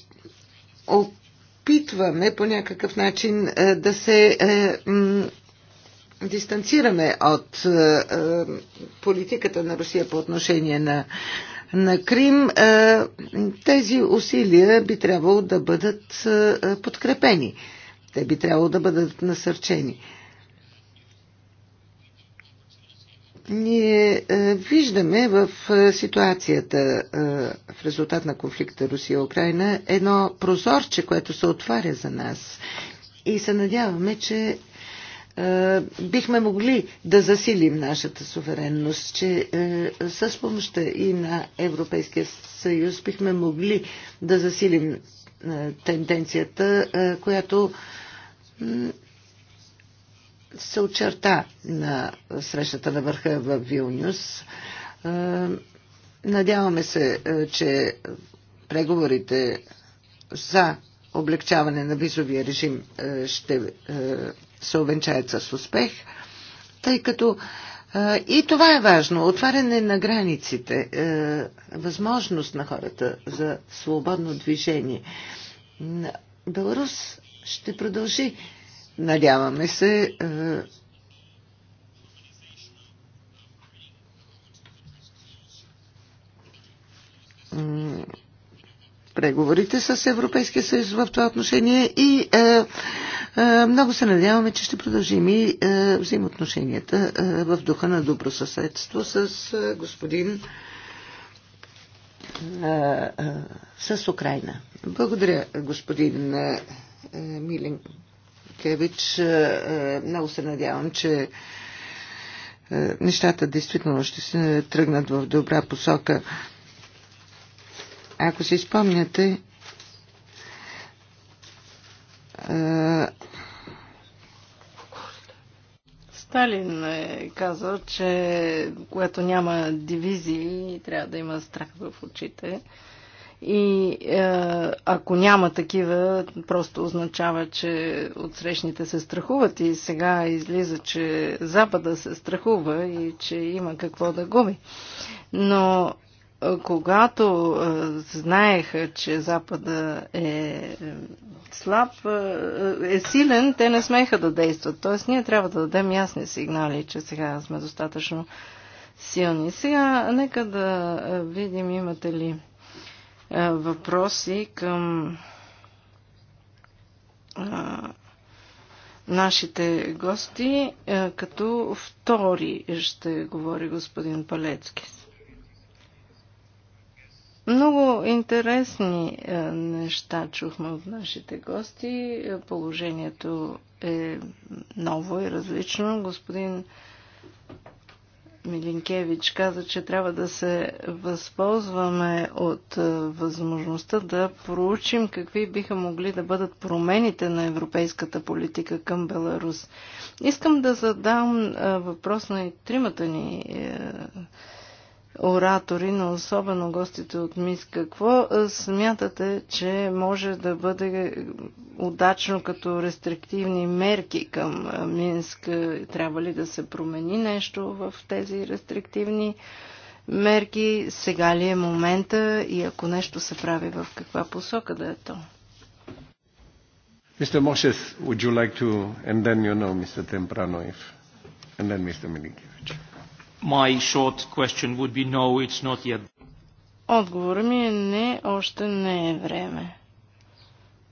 опитваме по някакъв начин е, да се дистанцираме от политиката на Русия по отношение на, на Крим. Тези усилия би трябвало да бъдат подкрепени. Те би трябвало да бъдат насърчени. Ние е, виждаме в е, ситуацията е, в резултат на конфликта Русия-Украина едно прозорче, което се отваря за нас. И се надяваме, че бихме могли да засилим нашата суверенност, че с помощта и на Европейския съюз бихме могли да засилим тенденцията, която се очерта на срещата на върха в Вилнюс. Е, надяваме се, е, че преговорите за облегчаване на визовия режим е, ще се увенчаят с успех, тъй като и това е важно. Отваряне на границите, възможност на хората за свободно движение. Беларус ще продължи Надяваме се е, преговорите с Европейския съюз в това отношение и е, е, много се надяваме, че ще продължим и е, взаимоотношенията е, в духа на добросъседство с е, господин е, е, с Украина. Благодаря, господин е, Милин. Шушкевич. Е, е, много се надявам, че е, нещата действително ще се тръгнат в добра посока. Ако си спомняте, Сталин е казал, че което няма дивизии, трябва да има страх в очите. И е, ако няма такива, просто означава, че отсрещните се страхуват и сега излиза, че Запада се страхува и че има какво да губи. Но е, когато е, знаеха, че Запада е, е слаб, е силен, те не смеха да действат. Тоест, ние трябва да дадем ясни сигнали, че сега сме достатъчно силни. Сега нека да видим имате ли въпроси към нашите гости. Като втори ще говори господин Палецкис. Много интересни неща чухме от нашите гости. Положението е ново и различно. Господин Милинкевич каза, че трябва да се възползваме от е, възможността да проучим какви биха могли да бъдат промените на европейската политика към Беларус. Искам да задам е, въпрос на тримата ни е, оратори, но особено гостите от МИС. Какво смятате, че може да бъде удачно като рестриктивни мерки към Минск? Трябва ли да се промени нещо в тези рестриктивни мерки? Сега ли е момента и ако нещо се прави, в каква посока да е то? Mr. Moshes, would you like to, and then you know Mr. Temprano, if, and then Mr. Milinkiewicz. My short question would be no, it's not yet. Отговорът ми е не, още не е време.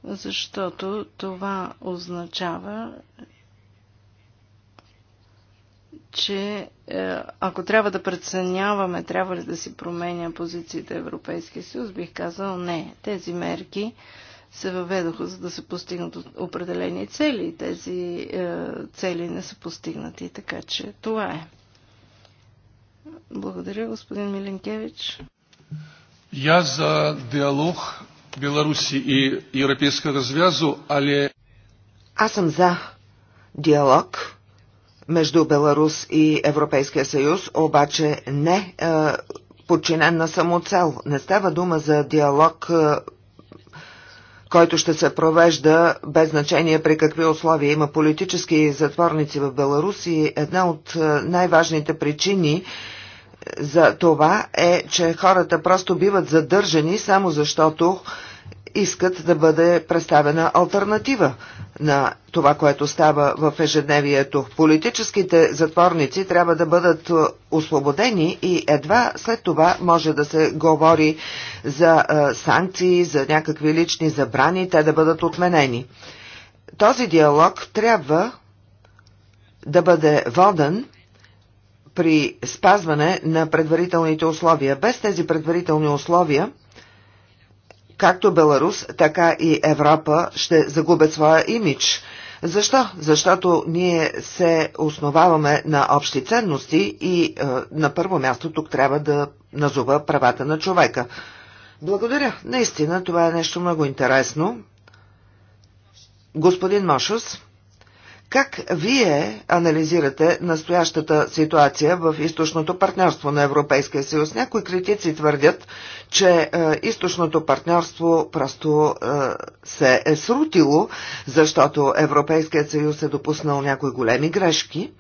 Защото това означава, че е, ако трябва да преценяваме, трябва ли да си променя позициите Европейския съюз, бих казал не. Тези мерки се въведоха, за да се постигнат определени цели. Тези е, цели не са постигнати, така че това е. Благодаря, господин Миленкевич. Я за диалог Беларуси и Европейска развязу, але... Аз съм за диалог между Беларус и Европейския съюз, обаче не е, подчинен на самоцел. Не става дума за диалог е, който ще се провежда без значение при какви условия. Има политически затворници в Беларус и една от е, най-важните причини е, за това е, че хората просто биват задържани само защото искат да бъде представена альтернатива на това, което става в ежедневието. Политическите затворници трябва да бъдат е, освободени и едва след това може да се говори за е, санкции, за някакви лични забрани, те да бъдат отменени. Този диалог трябва да бъде воден при спазване на предварителните условия. Без тези предварителни условия Както Беларус, така и Европа ще загубят своя имидж. Защо? Защото ние се основаваме на общи ценности и е, на първо място тук трябва да назова правата на човека. Благодаря. Наистина това е нещо много интересно. Господин Мошус. Как вие анализирате настоящата ситуация в източното партньорство на Европейския съюз? Някои критици твърдят, че е, източното партньорство просто е, се е срутило, защото Европейският съюз е допуснал някои големи грешки.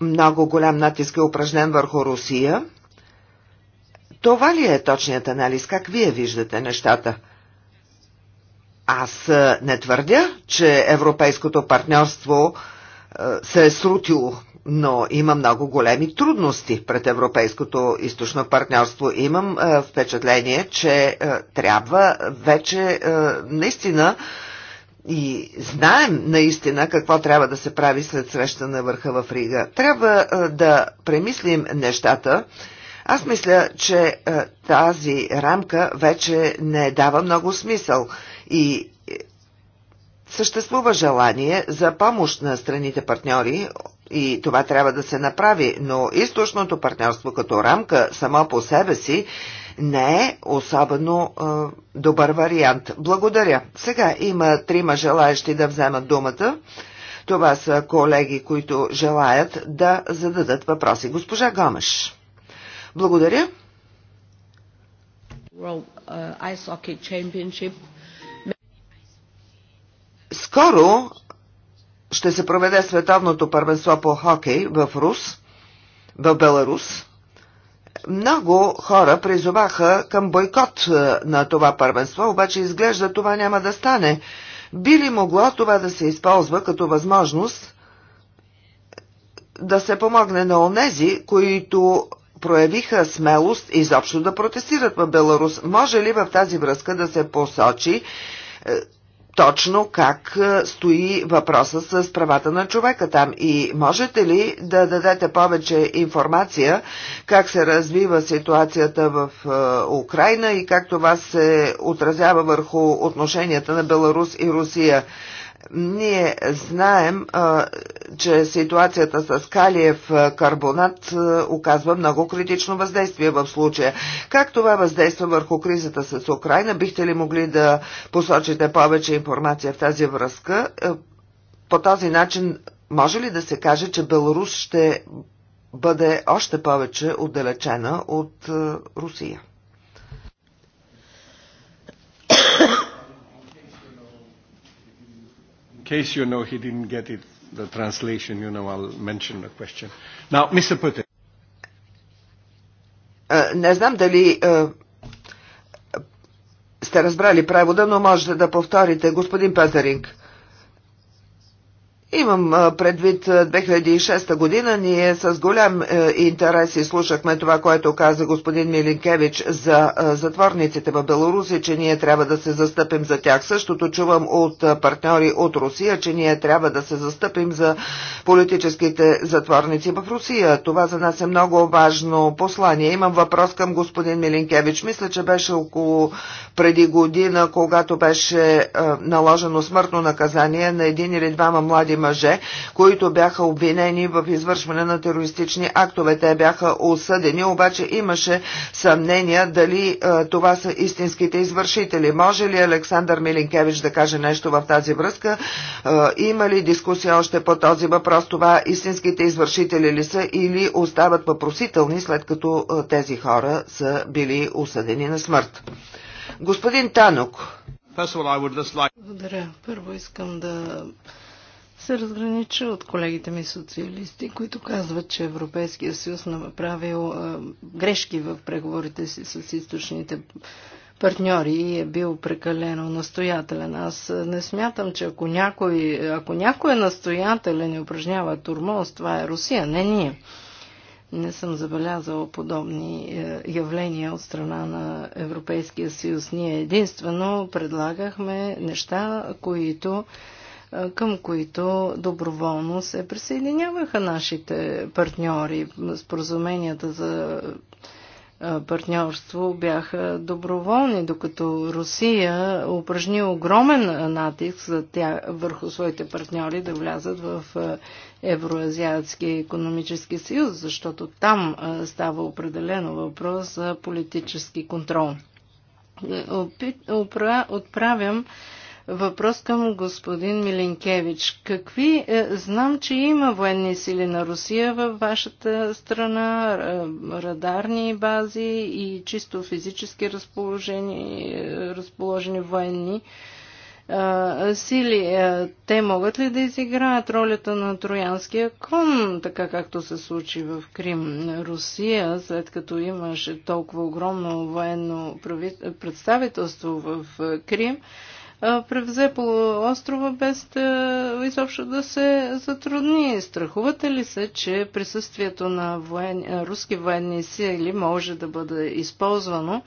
Много голям натиск е упражнен върху Русия. Това ли е точният анализ? Как вие виждате нещата? Аз не твърдя, че европейското партньорство се е срутило, но има много големи трудности пред европейското източно партньорство. Имам впечатление, че трябва вече наистина и знаем наистина какво трябва да се прави след среща на върха в Рига. Трябва да премислим нещата, аз мисля, че е, тази рамка вече не дава много смисъл и е, съществува желание за помощ на страните партньори и това трябва да се направи, но източното партньорство като рамка само по себе си не е особено е, добър вариант. Благодаря. Сега има трима желаящи да вземат думата. Това са колеги, които желаят да зададат въпроси. Госпожа Гомеш. Благодаря. Uh, Скоро ще се проведе световното първенство по хокей в Рус, в Беларус. Много хора призоваха към бойкот е, на това първенство, обаче изглежда това няма да стане. Би ли могло това да се използва като възможност да се помогне на онези, които проявиха смелост изобщо да протестират в Беларус. Може ли в тази връзка да се посочи е, точно как е, стои въпроса с правата на човека там и можете ли да дадете повече информация как се развива ситуацията в е, Украина и как това се отразява върху отношенията на Беларус и Русия? Ние знаем, че ситуацията с калиев карбонат оказва много критично въздействие в случая. Как това въздейства върху кризата с Украина? Бихте ли могли да посочите повече информация в тази връзка? По този начин може ли да се каже, че Беларус ще бъде още повече отдалечена от Русия? case you know he didn't get it, the translation, you know, I'll mention the question. Now, Mr. Putin. Uh, Не знам дали uh, сте разбрали превода, но можете да повторите. Господин Петеринг. Имам предвид 2006 година, ние с голям е, интерес изслушахме това, което каза господин Милинкевич за затворниците в Беларуси, че ние трябва да се застъпим за тях. Същото чувам от партньори от Русия, че ние трябва да се застъпим за политическите затворници в Русия. Това за нас е много важно послание. Имам въпрос към господин Милинкевич. Мисля, че беше около преди година, когато беше наложено смъртно наказание на един или двама млади мъже, които бяха обвинени в извършване на терористични актове. Те бяха осъдени, обаче имаше съмнения дали е, това са истинските извършители. Може ли Александър Милинкевич да каже нещо в тази връзка? Е, има ли дискусия още по този въпрос? Това истинските извършители ли са или остават въпросителни, след като е, тези хора са били осъдени на смърт? Господин Танок. Благодаря. Първо искам да се разгранича от колегите ми социалисти, които казват, че Европейския съюз направил грешки в преговорите си с източните партньори и е бил прекалено настоятелен. Аз не смятам, че ако някой, ако някой е настоятелен и упражнява турмоз, това е Русия, не ние. Не съм забелязала подобни е, явления от страна на Европейския съюз. Ние единствено предлагахме неща, които към които доброволно се присъединяваха нашите партньори. Споразуменията за партньорство бяха доброволни, докато Русия упражни огромен натиск за тя, върху своите партньори да влязат в Евроазиатския економически съюз, защото там става определено въпрос за политически контрол. Отправям Въпрос към господин Миленкевич. Какви, е, знам, че има военни сили на Русия във вашата страна, радарни бази и чисто физически разположени, разположени военни е, сили. Е, те могат ли да изиграят ролята на троянския кон, така както се случи в Крим? Русия, след като имаше толкова огромно военно представителство в е, Крим, превзе полуострова без да, изобщо да се затрудни. Страхувате ли се, че присъствието на воен... руски военни сили може да бъде използвано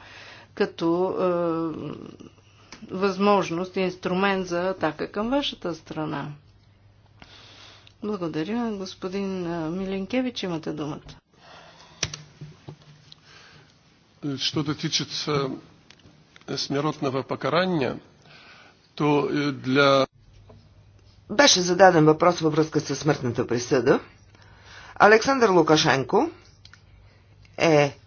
като е, възможност, инструмент за атака към вашата страна? Благодаря. Господин Миленкевич, имате думата. Що дотичется смиротного покарания, то для... Беше зададен въпрос във връзка с смъртната присъда. Александър Лукашенко е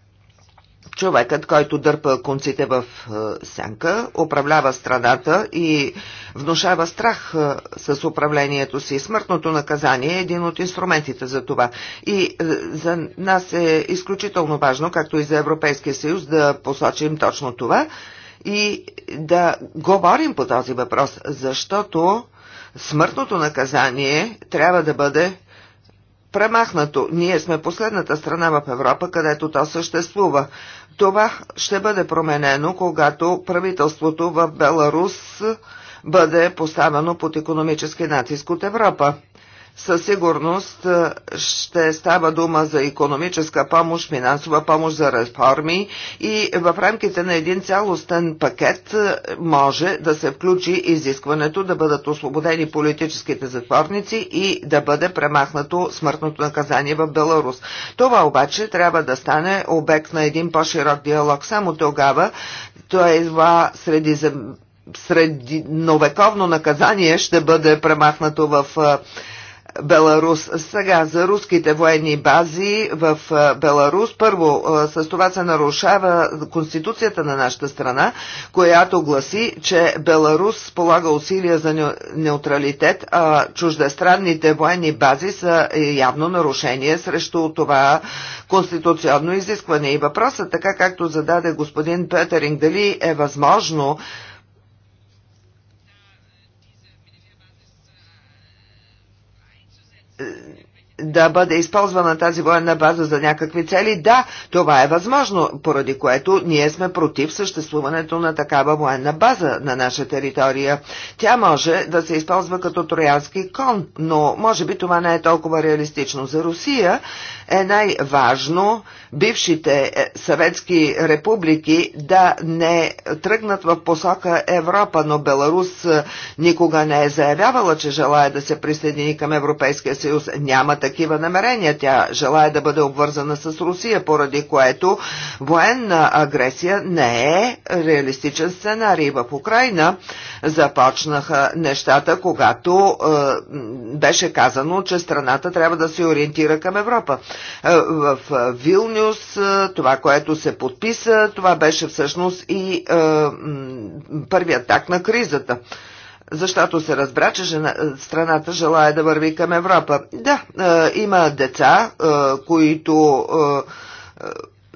човекът, който дърпа конците в е, сянка, управлява страната и внушава страх е, с управлението си. Смъртното наказание е един от инструментите за това. И е, за нас е изключително важно, както и за Европейския съюз, да посочим точно това – и да говорим по този въпрос, защото смъртното наказание трябва да бъде премахнато. Ние сме последната страна в Европа, където то съществува. Това ще бъде променено, когато правителството в Беларус бъде поставено под економически натиск от Европа със сигурност ще става дума за економическа помощ, финансова помощ за реформи и в рамките на един цялостен пакет може да се включи изискването да бъдат освободени политическите затворници и да бъде премахнато смъртното наказание в Беларус. Това обаче трябва да стане обект на един по-широк диалог. Само тогава това среди средновековно наказание ще бъде премахнато в Беларус. Сега за руските военни бази в Беларус. Първо, с това се нарушава конституцията на нашата страна, която гласи, че Беларус полага усилия за неутралитет, а чуждестранните военни бази са явно нарушение срещу това конституционно изискване. И въпросът, така както зададе господин Петеринг, дали е възможно да бъде използвана тази военна база за някакви цели, да, това е възможно, поради което ние сме против съществуването на такава военна база на наша територия. Тя може да се използва като троянски кон, но може би това не е толкова реалистично за Русия е най-важно бившите е, съветски републики да не тръгнат в посока Европа, но Беларус е, никога не е заявявала, че желая да се присъедини към Европейския съюз. Няма такива намерения. Тя желая да бъде обвързана с Русия, поради което военна агресия не е реалистичен сценарий. В Украина започнаха нещата, когато е, беше казано, че страната трябва да се ориентира към Европа. Е, в е, Вилнюс, е, това, което се подписа, това беше всъщност и първият так на кризата защото се разбра, че жена, страната желая да върви към Европа. Да, е, има деца, е, които е,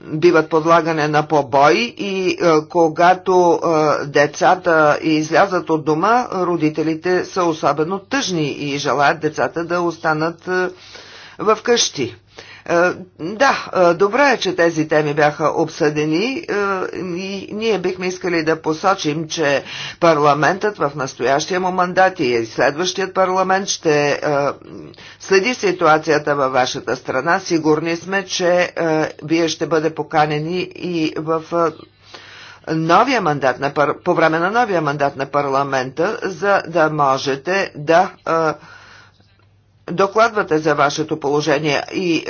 биват подлагане на побои и е, когато е, децата излязат от дома, родителите са особено тъжни и желаят децата да останат е, в къщи. Е, да, е, добре е, че тези теми бяха обсъдени е, и ние бихме искали да посочим, че парламентът в настоящия му мандат и следващият парламент ще следи ситуацията във вашата страна. Сигурни сме, че вие ще бъде поканени и в новия мандат на, по време на новия мандат на парламента, за да можете да а, докладвате за вашето положение и е,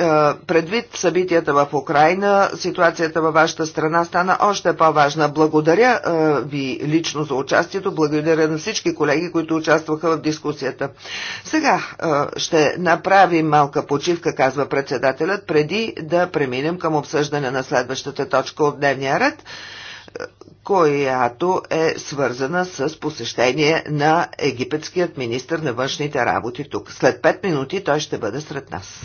предвид събитията в Украина, ситуацията във вашата страна стана още по-важна. Благодаря е, ви лично за участието, благодаря на всички колеги, които участваха в дискусията. Сега е, ще направим малка почивка, казва председателят, преди да преминем към обсъждане на следващата точка от дневния ред която е свързана с посещение на египетският министр на външните работи тук. След 5 минути той ще бъде сред нас.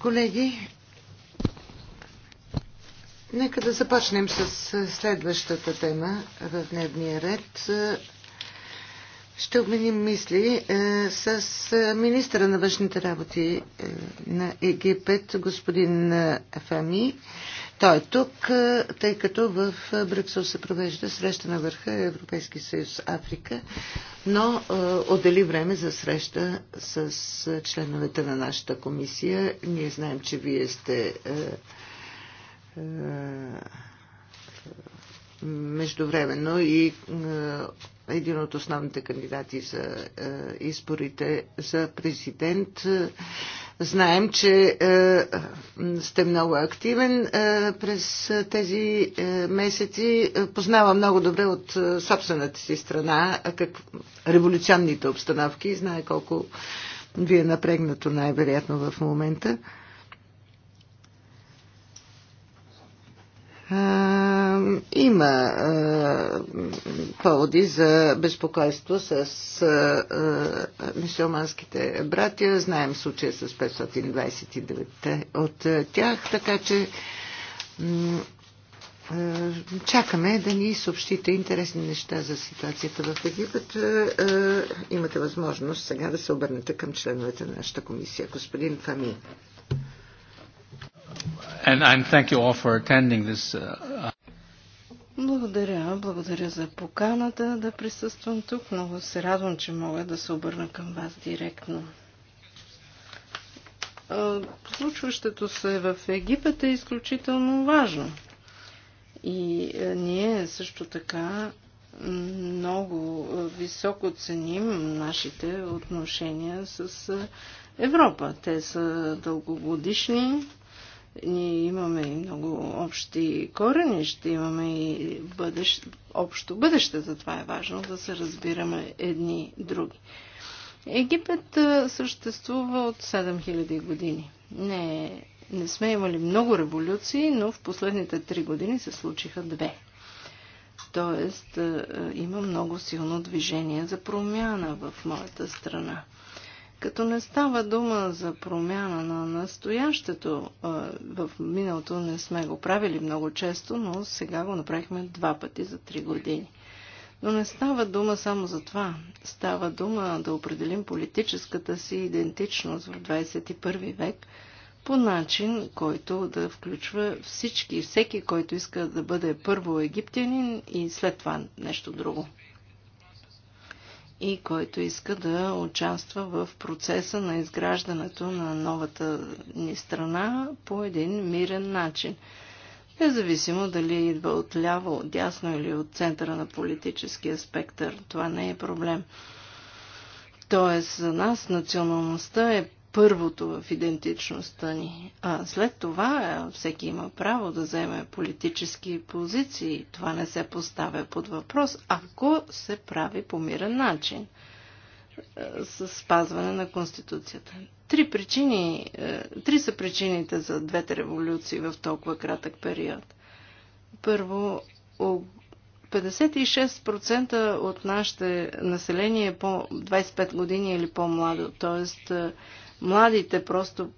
Колеги, нека да започнем с следващата тема в дневния ред. Ще обменим мисли е, с министра на външните работи е, на Египет, господин Фами. Той е тук, е, тъй като в Брюксел се провежда среща на върха Европейски съюз Африка но е, отдели време за среща с е, членовете на нашата комисия. Ние знаем, че вие сте е, е, междувременно и е, един от основните кандидати за е, изборите за президент. Е, Знаем, че е, сте много активен е, през тези е, месеци. Познава много добре от собствената си страна как, революционните обстановки. Знае колко ви е напрегнато най-вероятно в момента има поводи за безпокойство с мисиоманските братия. Знаем случая с 529 от тях, така че Чакаме да ни съобщите интересни неща за ситуацията в Египет. Имате възможност сега да се обърнете към членовете на нашата комисия. Господин Фами. And I thank you all for attending this. Uh... Благодаря, благодаря за поканата да присъствам тук. Много се радвам, че мога да се обърна към вас директно. Случващото се в Египет е изключително важно. И ние също така много високо ценим нашите отношения с Европа. Те са дългогодишни, ние имаме и много общи корени, ще имаме и бъдещ, общо бъдеще, затова е важно да се разбираме едни други. Египет съществува от 7000 години. Не, не сме имали много революции, но в последните 3 години се случиха две. Тоест, има много силно движение за промяна в моята страна като не става дума за промяна на настоящето, в миналото не сме го правили много често, но сега го направихме два пъти за три години. Но не става дума само за това. Става дума да определим политическата си идентичност в 21 век по начин, който да включва всички, всеки, който иска да бъде първо египтянин и след това нещо друго и който иска да участва в процеса на изграждането на новата ни страна по един мирен начин. Независимо дали идва от ляво, от дясно или от центъра на политическия спектър, това не е проблем. Тоест за нас националността е първото в идентичността ни. А след това е, всеки има право да вземе политически позиции. Това не се поставя под въпрос, ако се прави по мирен начин е, с спазване на Конституцията. Три, причини, е, три са причините за двете революции в толкова кратък период. Първо, 56% от нашите население е по 25 години или по-младо, т.е. Младите просто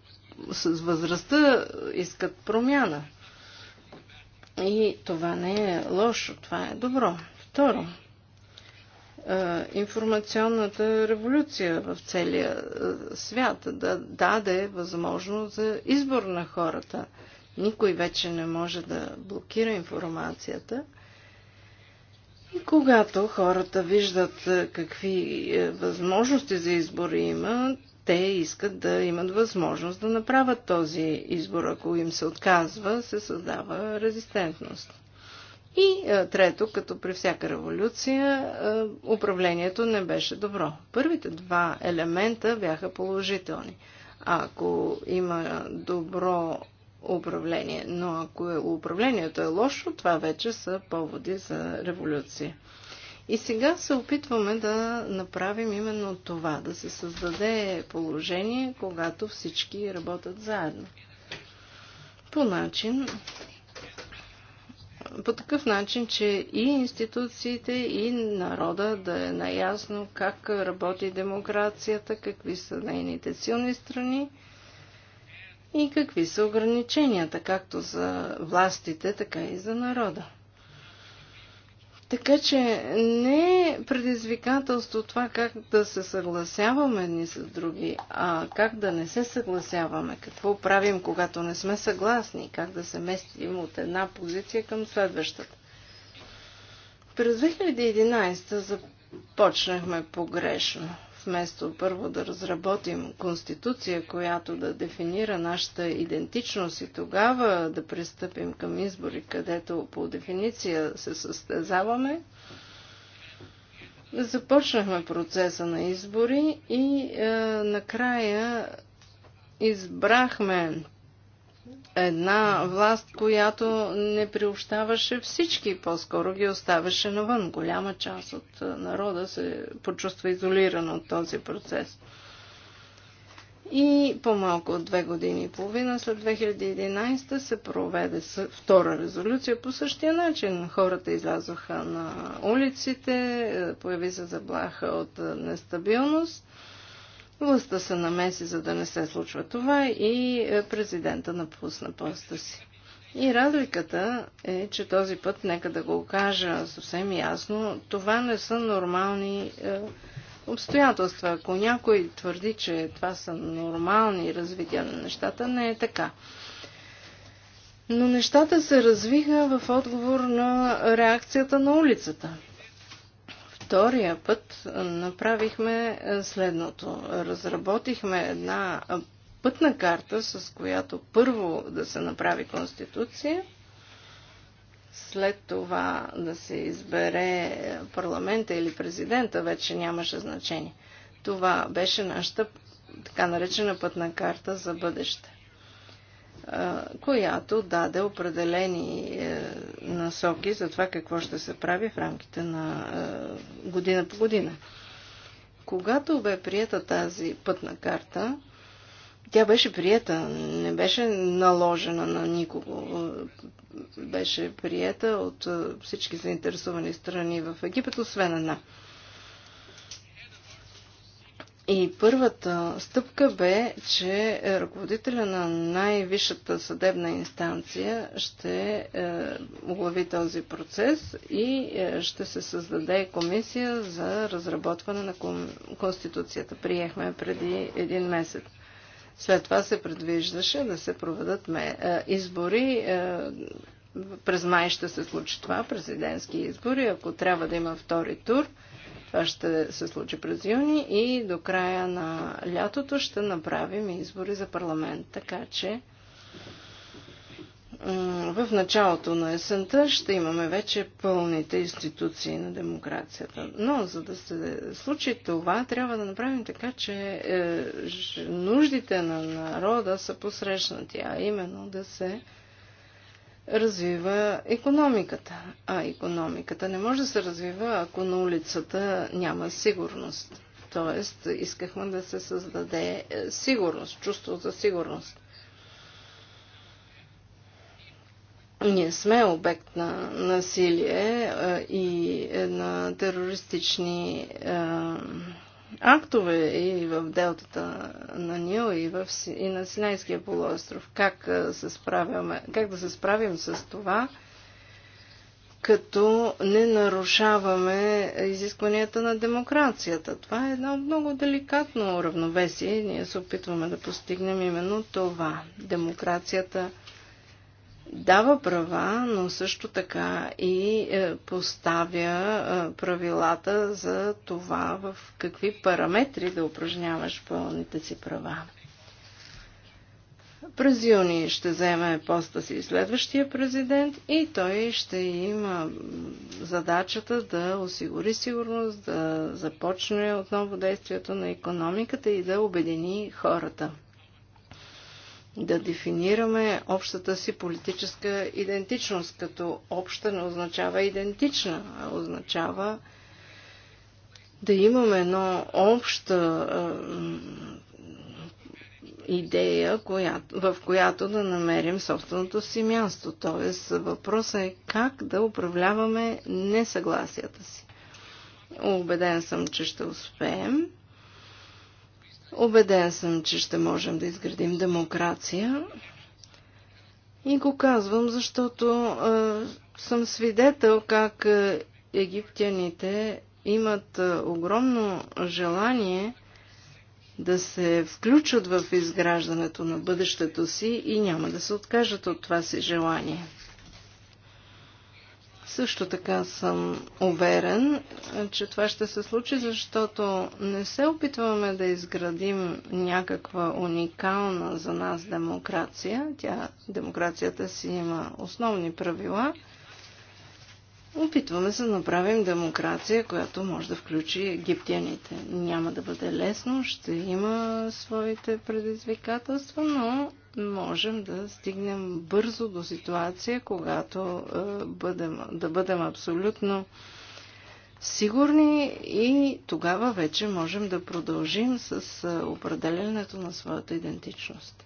с възрастта искат промяна. И това не е лошо, това е добро. Второ, е, информационната революция в целия е, свят да даде възможност за избор на хората. Никой вече не може да блокира информацията. И когато хората виждат е, какви възможности за избори имат, те искат да имат възможност да направят този избор. Ако им се отказва, се създава резистентност. И е, трето, като при всяка революция, е, управлението не беше добро. Първите два елемента бяха положителни. Ако има добро управление, но ако е- управлението е лошо, това вече са поводи за революция. И сега се опитваме да направим именно това, да се създаде положение, когато всички работят заедно. По начин, по такъв начин, че и институциите, и народа да е наясно как работи демокрацията, какви са нейните силни страни и какви са ограниченията, както за властите, така и за народа. Така че не е предизвикателство това как да се съгласяваме ни с други, а как да не се съгласяваме, какво правим, когато не сме съгласни, как да се местим от една позиция към следващата. През 2011 започнахме погрешно вместо първо да разработим конституция, която да дефинира нашата идентичност и тогава да пристъпим към избори, където по дефиниция се състезаваме, започнахме процеса на избори и е, накрая избрахме Една власт, която не приобщаваше всички, по-скоро ги оставаше навън. Голяма част от народа се почувства изолиран от този процес. И по-малко от две години и половина след 2011 се проведе втора резолюция по същия начин. Хората излязоха на улиците, появи се заблаха от нестабилност – Властта се намеси, за да не се случва това и е, президента напусна поста си. И разликата е, че този път, нека да го кажа съвсем ясно, това не са нормални е, обстоятелства. Ако някой твърди, че това са нормални развития на нещата, не е така. Но нещата се развиха в отговор на реакцията на улицата втория път направихме е, следното. Разработихме една е, пътна карта, с която първо да се направи конституция, след това да се избере парламента или президента, вече нямаше значение. Това беше нашата така наречена пътна карта за бъдеще която даде определени е, насоки за това какво ще се прави в рамките на е, година по година. Когато бе прията тази пътна карта, тя беше приета, не беше наложена на никого. Беше приета от е, всички заинтересовани страни в Египет, освен една. И първата стъпка бе, че е, ръководителя на най-висшата съдебна инстанция ще е, оглави този процес и е, ще се създаде комисия за разработване на Конституцията. Приехме преди един месец. След това се предвиждаше да се проведат избори. През май ще се случи това, президентски избори. Ако трябва да има втори тур – това ще се случи през юни и до края на лятото ще направим избори за парламент. Така че в началото на есента ще имаме вече пълните институции на демокрацията. Но за да се случи това, трябва да направим така, че е, нуждите на народа са посрещнати, а именно да се развива економиката. А економиката не може да се развива, ако на улицата няма сигурност. Тоест, искахме да се създаде е, сигурност, чувство за сигурност. Ние сме обект на насилие е, и на терористични е, актове и в делтата на Нил и, в, и на Синайския полуостров. Как, се справяме, как да се справим с това, като не нарушаваме изискванията на демокрацията. Това е едно много деликатно равновесие. Ние се опитваме да постигнем именно това. Демокрацията дава права, но също така и е, поставя е, правилата за това в какви параметри да упражняваш пълните си права. През юни ще заеме поста си следващия президент и той ще има задачата да осигури сигурност, да започне отново действието на економиката и да обедини хората да дефинираме общата си политическа идентичност, като обща не означава идентична, а означава да имаме едно обща идея, която, в която да намерим собственото си място. Тоест, въпросът е как да управляваме несъгласията си. Обеден съм, че ще успеем. Обеден съм, че ще можем да изградим демокрация. И го казвам, защото а, съм свидетел как египтяните имат огромно желание да се включат в изграждането на бъдещето си и няма да се откажат от това си желание. Също така съм уверен, че това ще се случи, защото не се опитваме да изградим някаква уникална за нас демокрация. Тя, демокрацията си има основни правила – Опитваме се да направим демокрация, която може да включи египтяните. Няма да бъде лесно, ще има своите предизвикателства, но можем да стигнем бързо до ситуация, когато е, бъдем, да бъдем абсолютно сигурни и тогава вече можем да продължим с е, определенето на своята идентичност.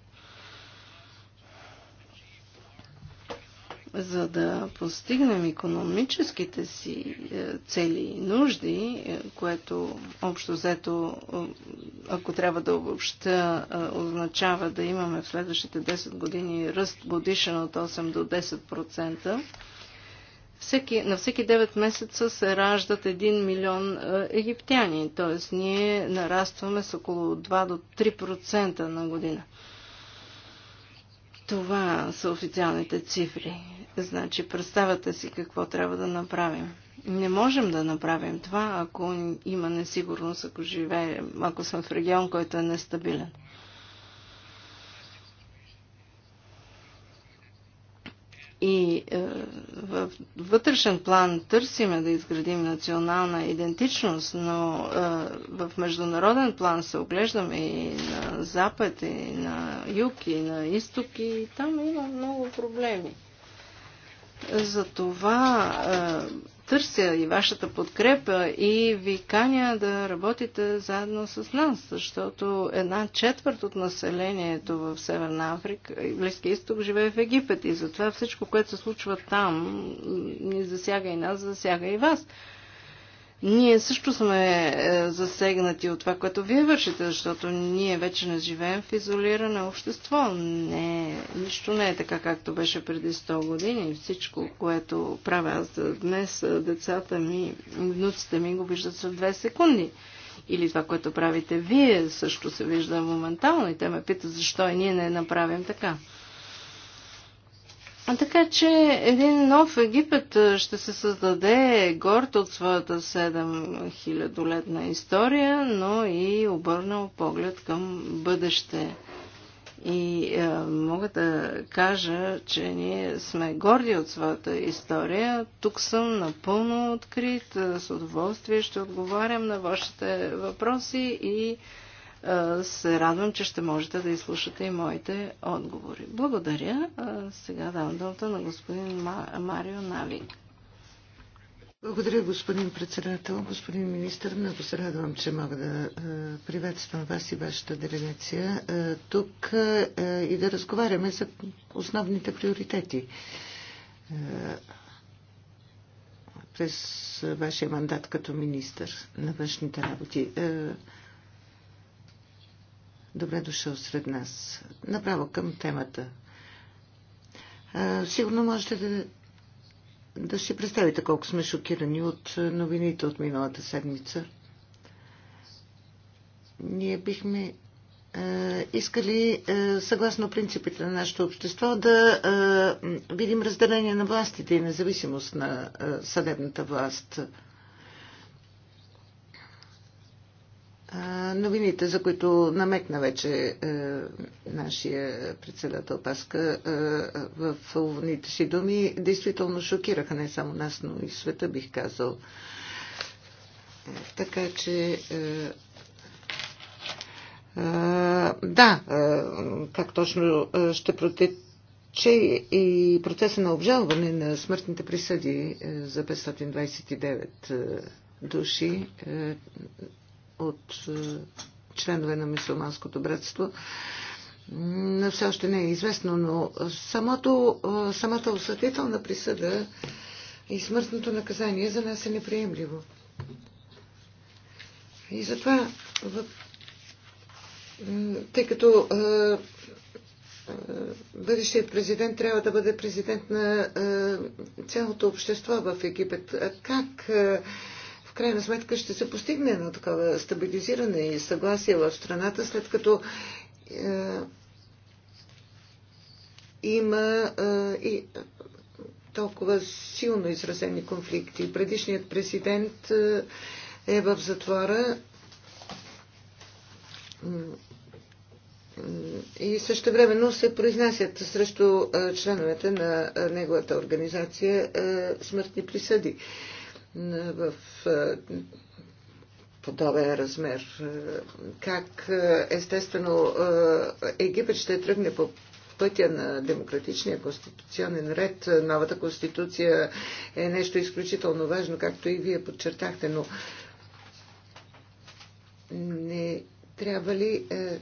за да постигнем економическите си е, цели и нужди, е, което общо взето, е, ако трябва да обобща, означава да имаме в следващите 10 години ръст годишен от 8 до 10%, всеки, на всеки 9 месеца се раждат 1 милион египтяни, т.е. ние нарастваме с около 2 до 3% на година. Това са официалните цифри. Значи, представата си какво трябва да направим. Не можем да направим това, ако има несигурност, ако живеем, ако съм в регион, който е нестабилен. и е, в вътрешен план търсиме да изградим национална идентичност, но е, в международен план се оглеждаме и на запад, и на юг, и на изток, и там има много проблеми. Затова е, търся и вашата подкрепа и ви каня да работите заедно с нас, защото една четвърт от населението в Северна Африка и Близкия изток живее в Египет и затова всичко, което се случва там, ни засяга и нас, засяга и вас. Ние също сме е, засегнати от това, което вие вършите, защото ние вече не живеем в изолирано общество. Не, нищо не е така, както беше преди 100 години. Всичко, което правя аз днес, е, децата ми, внуците ми го виждат след 2 секунди. Или това, което правите вие, също се вижда моментално и те ме питат защо и ние не направим така. А Така че един нов Египет ще се създаде горд от своята 7000-летна история, но и обърнал поглед към бъдеще. И е, мога да кажа, че ние сме горди от своята история. Тук съм напълно открит, с удоволствие ще отговарям на вашите въпроси и се радвам, че ще можете да изслушате и моите отговори. Благодаря. Сега давам думата на господин Марио Нави. Благодаря, господин председател, господин министр. Много се радвам, че мога да приветствам вас и вашата делегация тук и да разговаряме за основните приоритети през вашия мандат като министр на външните работи. Добре дошъл сред нас. Направо към темата. А, сигурно можете да, да си представите колко сме шокирани от новините от миналата седмица. Ние бихме искали, съгласно принципите на нашето общество, да видим разделение на властите и независимост на съдебната власт. новините, за които намекна вече е, нашия председател Паска е, в уводните си думи, действително шокираха не само нас, но и света, бих казал. Е, така че. Е, е да, е, как точно ще протече и процеса на обжалване на смъртните присъди за 529 души от е, членове на мусулманското братство. Все още не е известно, но самото, е, самата осъдителна присъда и смъртното наказание за нас е неприемливо. И затова, тъй като е, бъдещият президент трябва да бъде президент на цялото общество в Египет, как крайна сметка ще се постигне едно такова стабилизиране и съгласие в страната, след като е, има е, и толкова силно изразени конфликти. Предишният президент е, е в затвора и също времено се произнасят срещу е, членовете на е, неговата организация смъртни присъди в подобен размер. Как естествено Египет ще тръгне по пътя на демократичния конституционен ред. Новата конституция е нещо изключително важно, както и вие подчертахте, но не трябва ли е,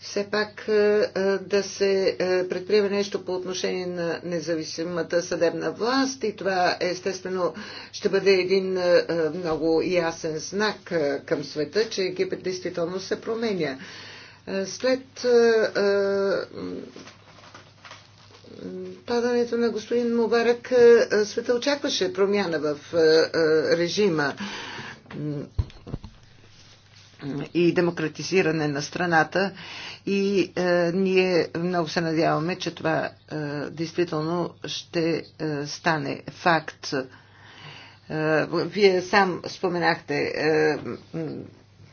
все пак е, е, да се е, предприеме нещо по отношение на независимата съдебна власт и това естествено ще бъде един много ясен знак към света, че Египет действително се променя. След падането на господин Мубарак света очакваше промяна в режима и демократизиране на страната и е, ние много се надяваме, че това е, действително ще е, стане факт. Е, вие сам споменахте е,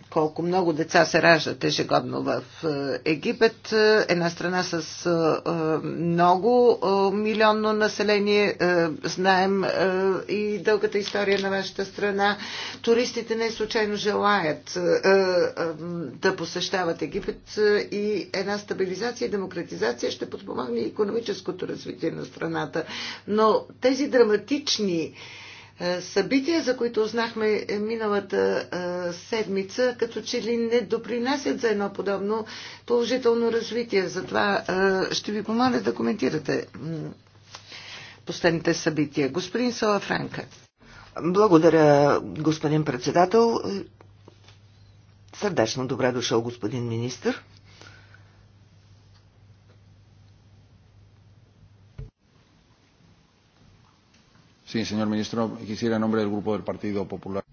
колко много деца се раждат ежегодно в е, Египет. Е, една страна с е, много милионно население. Знаем и дългата история на вашата страна. Туристите не случайно желаят да посещават Египет и една стабилизация и демократизация ще подпомогне и економическото развитие на страната. Но тези драматични е, събития, за които узнахме е, миналата е, седмица, като че ли не допринасят за едно подобно положително развитие. Затова ще ви помоля да коментирате последните събития. Господин Сала Франка. Благодаря, господин председател. Сърдечно добре дошъл, господин министр.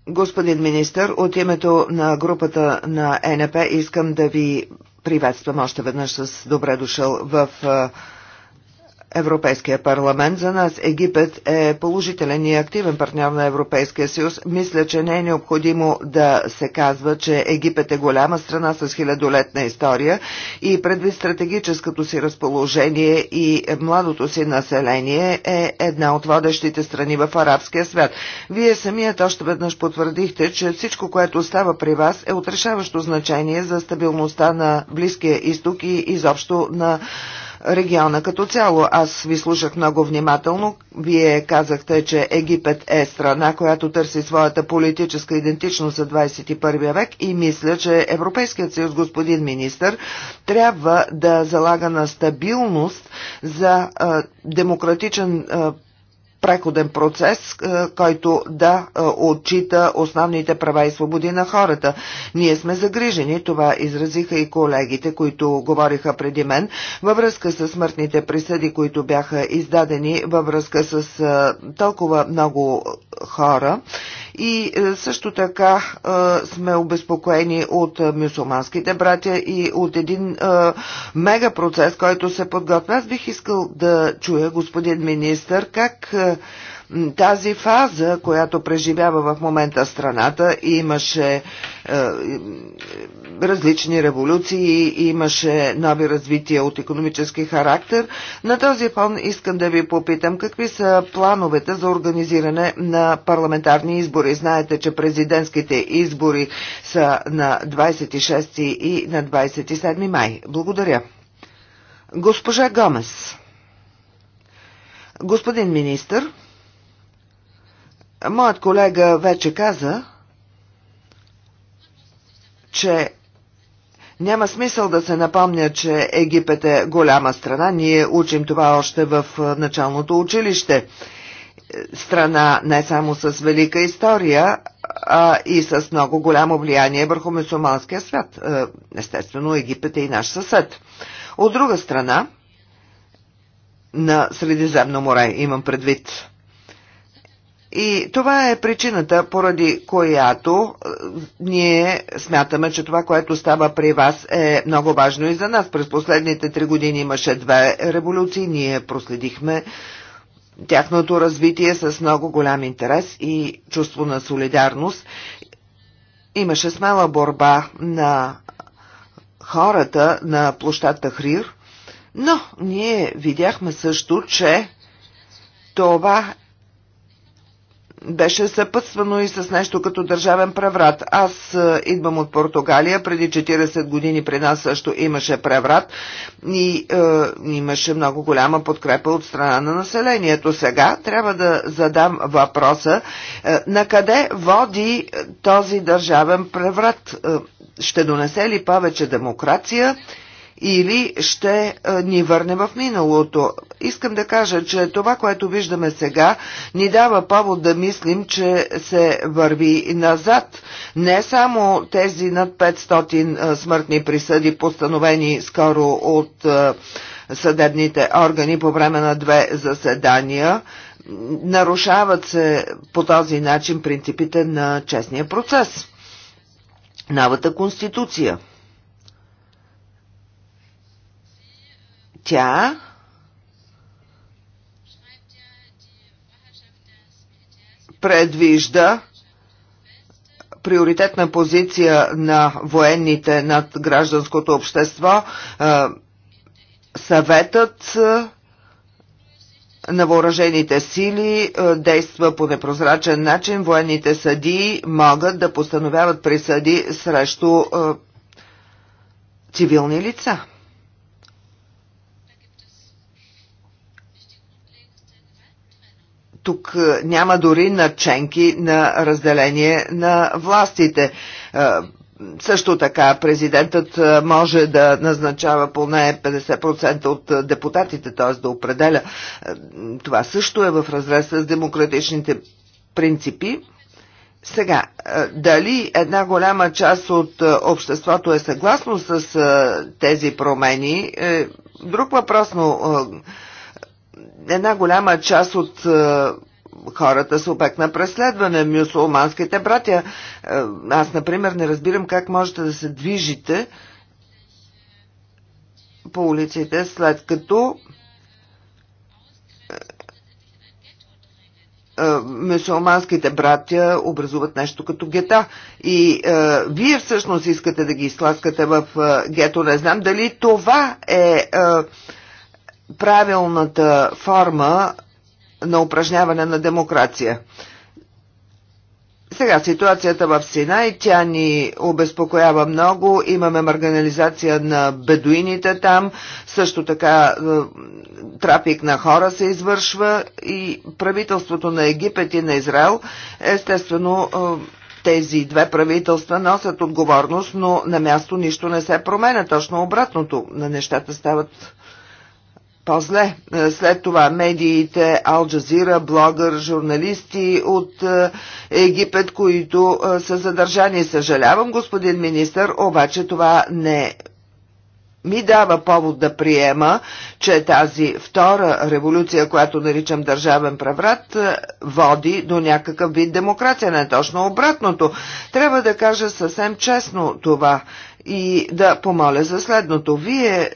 Господин министър, от името на групата на НП искам да ви приветствам още веднъж с добре дошъл в Европейския парламент. За нас Египет е положителен и активен партньор на Европейския съюз. Мисля, че не е необходимо да се казва, че Египет е голяма страна с хилядолетна история и предвид стратегическото си разположение и младото си население е една от водещите страни в арабския свят. Вие самият още веднъж потвърдихте, че всичко, което става при вас е отрешаващо значение за стабилността на Близкия изток и изобщо на региона като цяло. Аз ви слушах много внимателно. Вие казахте, че Египет е страна, която търси своята политическа идентичност за 21 век и мисля, че Европейският съюз, господин министр, трябва да залага на стабилност за демократичен преходен процес, е, който да е, отчита основните права и свободи на хората. Ние сме загрижени, това изразиха и колегите, които говориха преди мен, във връзка с смъртните присъди, които бяха издадени във връзка с е, толкова много хора и е, също така е, сме обезпокоени от е, мюсулманските братя и от един мегапроцес, който се подготвя. Аз бих искал да чуя, господин министър, как тази фаза, която преживява в момента страната, имаше различни революции, имаше нови развития от економически характер. На този фон искам да ви попитам какви са плановете за организиране на парламентарни избори. Знаете, че президентските избори са на 26 и на 27 май. Благодаря. Госпожа Гомес. Господин министр, моят колега вече каза, че няма смисъл да се напомня, че Египет е голяма страна. Ние учим това още в началното училище. Страна не само с велика история, а и с много голямо влияние върху мусулманския свят. Естествено, Египет е и наш съсед. От друга страна, на Средиземно море имам предвид. И това е причината, поради която е, ние смятаме, че това, което става при вас е много важно и за нас. През последните три години имаше две революции, ние проследихме тяхното развитие с много голям интерес и чувство на солидарност. Имаше смела борба на хората на площадта Хрир, но ние видяхме също, че това беше съпътствано и с нещо като държавен преврат. Аз е, идвам от Португалия, преди 40 години при нас също имаше преврат и е, имаше много голяма подкрепа от страна на населението. Сега трябва да задам въпроса е, на къде води е, този държавен преврат. Е, ще донесе ли повече демокрация? или ще ни върне в миналото. Искам да кажа, че това, което виждаме сега, ни дава повод да мислим, че се върви назад. Не само тези над 500 смъртни присъди, постановени скоро от съдебните органи по време на две заседания, нарушават се по този начин принципите на честния процес. Новата конституция – тя предвижда приоритетна позиция на военните над гражданското общество, е, съветът е, на въоръжените сили е, действа по непрозрачен начин. Военните съдии могат да постановяват присъди срещу цивилни лица. тук е, няма дори наченки на разделение на властите. Е, също така президентът е, може да назначава поне 50% от депутатите, т.е. да определя. Това също е в разрез с демократичните принципи. Сега, дали една голяма част от обществото е съгласно с тези промени, е друг въпрос, но една голяма част от е, хората са обект на преследване, мюсулманските братя. Е, аз, например, не разбирам как можете да се движите по улиците, след като е, мюсулманските братя образуват нещо като гета. И е, вие всъщност искате да ги изтласкате в е, гето. Не знам дали това е, е правилната форма на упражняване на демокрация. Сега ситуацията в Синай, тя ни обезпокоява много. Имаме марганализация на бедуините там, също така е, трафик на хора се извършва и правителството на Египет и на Израел естествено е, тези две правителства носят отговорност, но на място нищо не се променя. Точно обратното на нещата стават по-зле. Е, след това медиите, Алджазира, блогър, журналисти от е, Египет, които е, са задържани. Съжалявам, господин министр, обаче това не ми дава повод да приема, че тази втора революция, която наричам държавен преврат, води до някакъв вид демокрация. Не точно обратното. Трябва да кажа съвсем честно това и да помоля за следното. Вие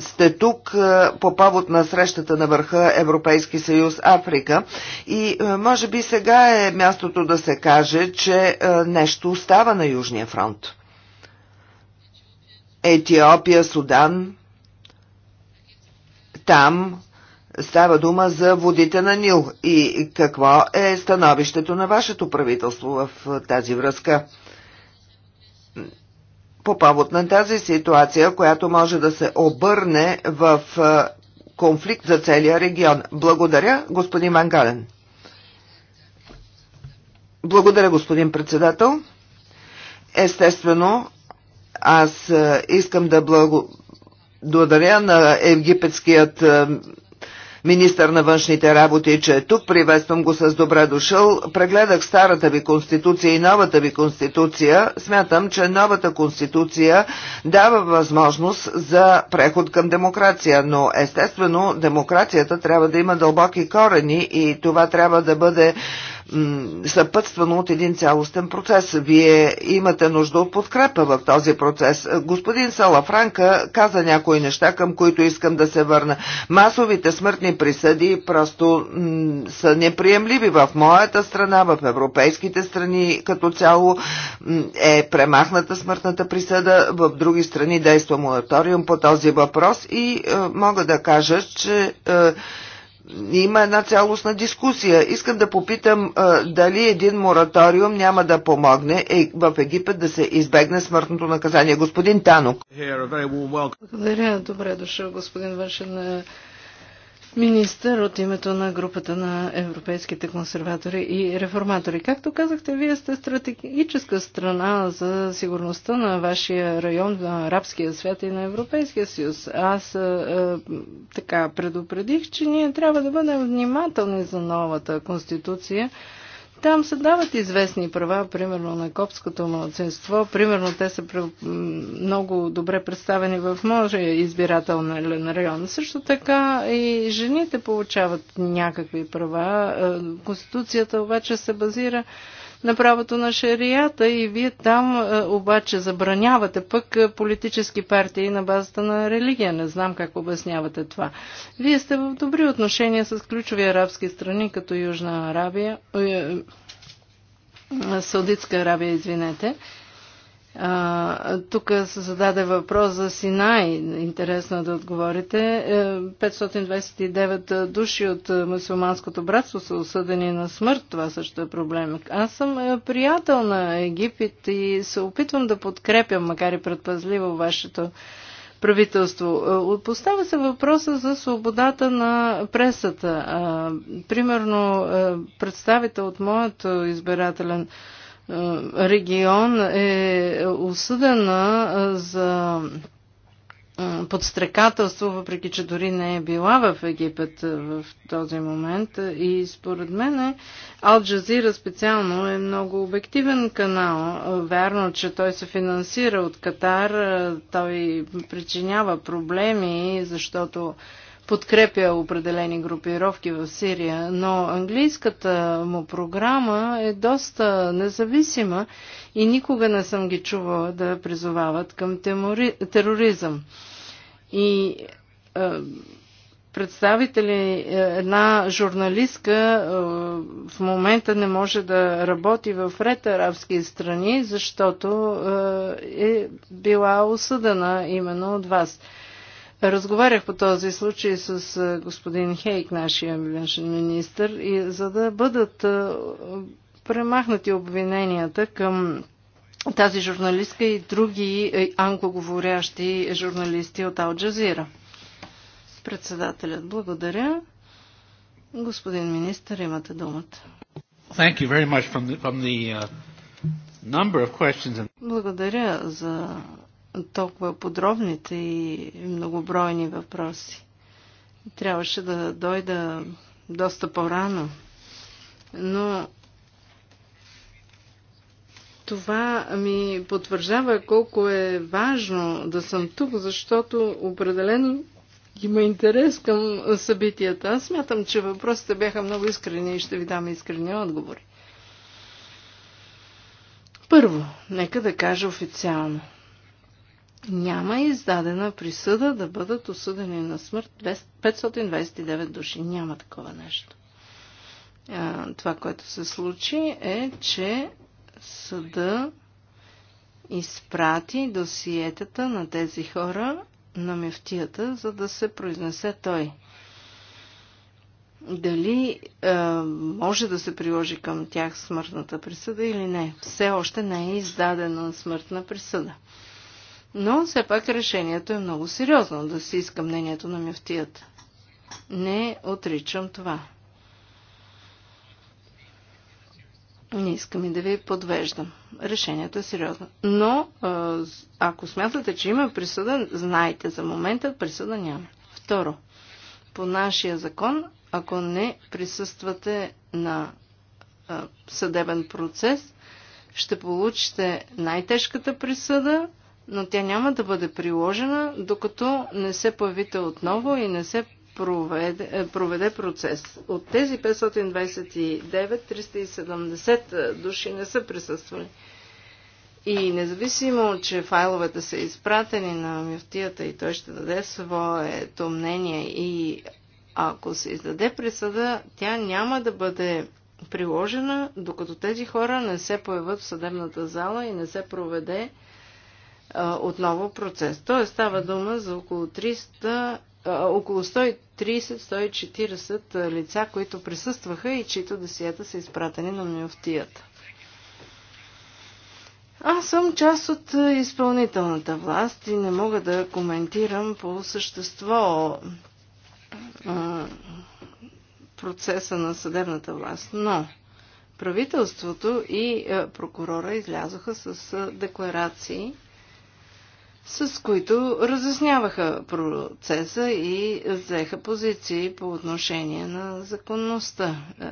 сте тук е, по повод на срещата на върха Европейски съюз Африка и е, може би сега е мястото да се каже, че е, нещо остава на Южния фронт. Етиопия, Судан, там става дума за водите на Нил и какво е становището на вашето правителство в тази връзка по повод на тази ситуация, която може да се обърне в конфликт за целия регион. Благодаря, господин Мангален. Благодаря, господин председател. Естествено, аз искам да благодаря на египетският министър на външните работи, че е тук. Приветствам го с добре дошъл. Прегледах старата ви конституция и новата ви конституция. Смятам, че новата конституция дава възможност за преход към демокрация, но естествено демокрацията трябва да има дълбоки корени и това трябва да бъде съпътствано от един цялостен процес. Вие имате нужда от подкрепа в този процес. Господин Салафранка каза някои неща, към които искам да се върна. Масовите смъртни присъди просто са неприемливи в моята страна, в европейските страни като цяло е премахната смъртната присъда, в други страни действа мораториум по този въпрос и е, мога да кажа, че е, има една цялостна дискусия. Искам да попитам а, дали един мораториум няма да помогне е, в Египет да се избегне смъртното наказание. Господин Танок. Благодаря. Добре дошъл, господин външен министър от името на групата на европейските консерватори и реформатори. Както казахте, вие сте стратегическа страна за сигурността на вашия район, на арабския свят и на Европейския съюз. Аз а, е, е, така предупредих, че ние трябва да бъдем внимателни за новата конституция там се дават известни права, примерно на копското младсинство. Примерно те са много добре представени в моя избирателен район. Също така и жените получават някакви права. Е, Конституцията обаче се базира на правото на шарията и вие там е, обаче забранявате пък е, политически партии на базата на религия. Не знам как обяснявате това. Вие сте в добри отношения с ключови арабски страни, като Южна Арабия, е, Саудитска Арабия, извинете. Тук се зададе въпрос за Синай. Интересно е да отговорите. 529 е, души от мусулманското братство са осъдени на смърт. Това също е проблем. Аз съм е, приятел на Египет и се опитвам да подкрепям, макар и предпазливо, вашето правителство. Поставя се въпроса за свободата на пресата. Примерно, представител от моето избирателен е, регион е осъдена е, за е, подстрекателство, въпреки че дори не е била в Египет в този момент. И според мен Ал Джазира специално е много обективен канал. Вярно, че той се финансира от Катар, той причинява проблеми, защото подкрепя определени групировки в Сирия, но английската му програма е доста независима и никога не съм ги чувала да призовават към темори... тероризъм. И е, представители, една журналистка е, в момента не може да работи в ред арабски страни, защото е, е била осъдена именно от вас. Е, Разговарях по този случай с господин Хейк, нашия външен министр, и за да бъдат премахнати обвиненията към тази журналистка и други англоговорящи журналисти от Алджазира. Председателят, благодаря. Господин министр, имате думата. Thank you very much from the, from the, uh, of Благодаря за толкова подробните и многобройни въпроси. Трябваше да дойда доста по-рано. Но това ми потвърждава колко е важно да съм тук, защото определено има интерес към събитията. Аз смятам, че въпросите бяха много искрени и ще ви дам искрени отговори. Първо, нека да кажа официално – няма издадена присъда да бъдат осъдени на смърт 529 души. Няма такова нещо. Това, което се случи е, че съда изпрати досиетата на тези хора на мефтията, за да се произнесе той. Дали е, може да се приложи към тях смъртната присъда или не. Все още не е издадена смъртна присъда. Но все пак решението е много сериозно да се иска мнението на мюфтията. Не отричам това. Не искам и да ви подвеждам. Решението е сериозно. Но ако смятате, че има присъда, знайте, за момента присъда няма. Второ, по нашия закон, ако не присъствате на съдебен процес, ще получите най-тежката присъда – но тя няма да бъде приложена, докато не се появите отново и не се проведе, е, проведе процес. От тези 529, 370 е, души не са присъствали. И независимо, че файловете са изпратени на мюфтията и той ще даде своето мнение и ако се издаде присъда, тя няма да бъде приложена, докато тези хора не се появят в съдебната зала и не се проведе отново процес. Тоест става дума за около 300 около 130-140 лица, които присъстваха и чието досията са изпратени на мюфтията. Аз съм част от изпълнителната власт и не мога да коментирам по същество процеса на съдебната власт, но правителството и прокурора излязоха с декларации, с които разясняваха процеса и взеха позиции по отношение на законността. Е,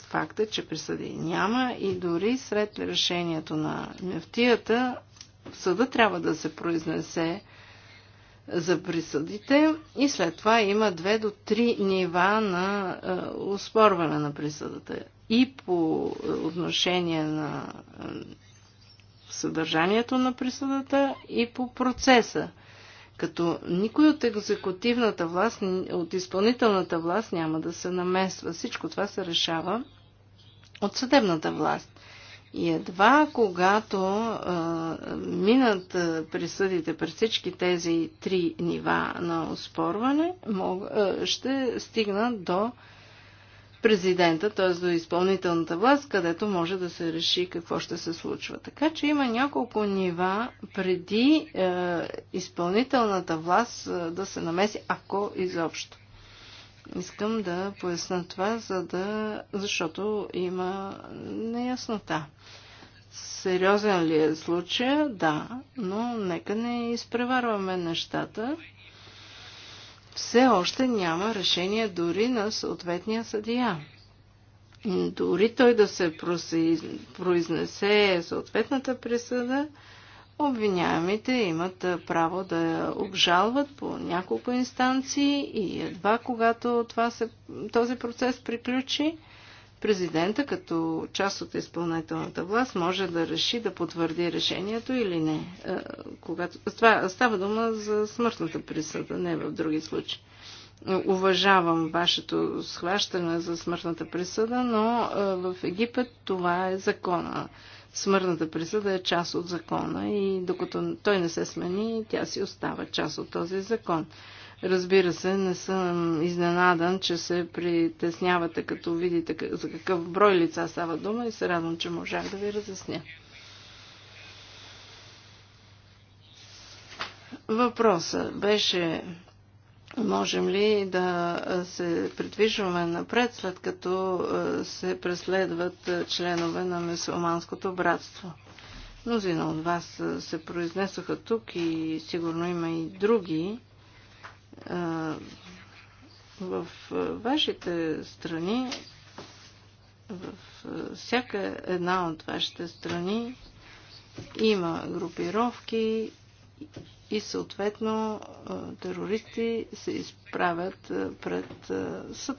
факта, че присъди няма и дори сред решението на нефтията съда трябва да се произнесе за присъдите и след това има две до три нива на е, оспорване на присъдата. И по отношение на е, съдържанието на присъдата и по процеса. Като никой от екзекутивната власт, от изпълнителната власт няма да се намесва. Всичко това се решава от съдебната власт. И едва когато а, минат а, присъдите през всички тези три нива на оспорване, мог, а, ще стигнат до президента, т.е. до изпълнителната власт, където може да се реши какво ще се случва. Така че има няколко нива преди е, изпълнителната власт е, да се намеси, ако изобщо. Искам да поясна това, за да... защото има неяснота. Сериозен ли е случая? Да, но нека не изпреварваме нещата все още няма решение дори на съответния съдия. Дори той да се произнесе съответната присъда, обвиняемите имат право да я обжалват по няколко инстанции и едва когато това се, този процес приключи, президента като част от изпълнителната власт може да реши да потвърди решението или не. Е, когато... Това става дума за смъртната присъда, не в други случаи. Уважавам вашето схващане за смъртната присъда, но е, в Египет това е закона. Смъртната присъда е част от закона и докато той не се смени, тя си остава част от този закон. Разбира се, не съм изненадан, че се притеснявате, като видите за какъв брой лица става дума и се радвам, че можах да ви разясня. Въпросът беше можем ли да се придвижваме напред, след като се преследват членове на мусулманското братство. Мнозина от вас се произнесоха тук и сигурно има и други. В вашите страни, в всяка една от вашите страни има групировки и съответно терористи се изправят пред съд.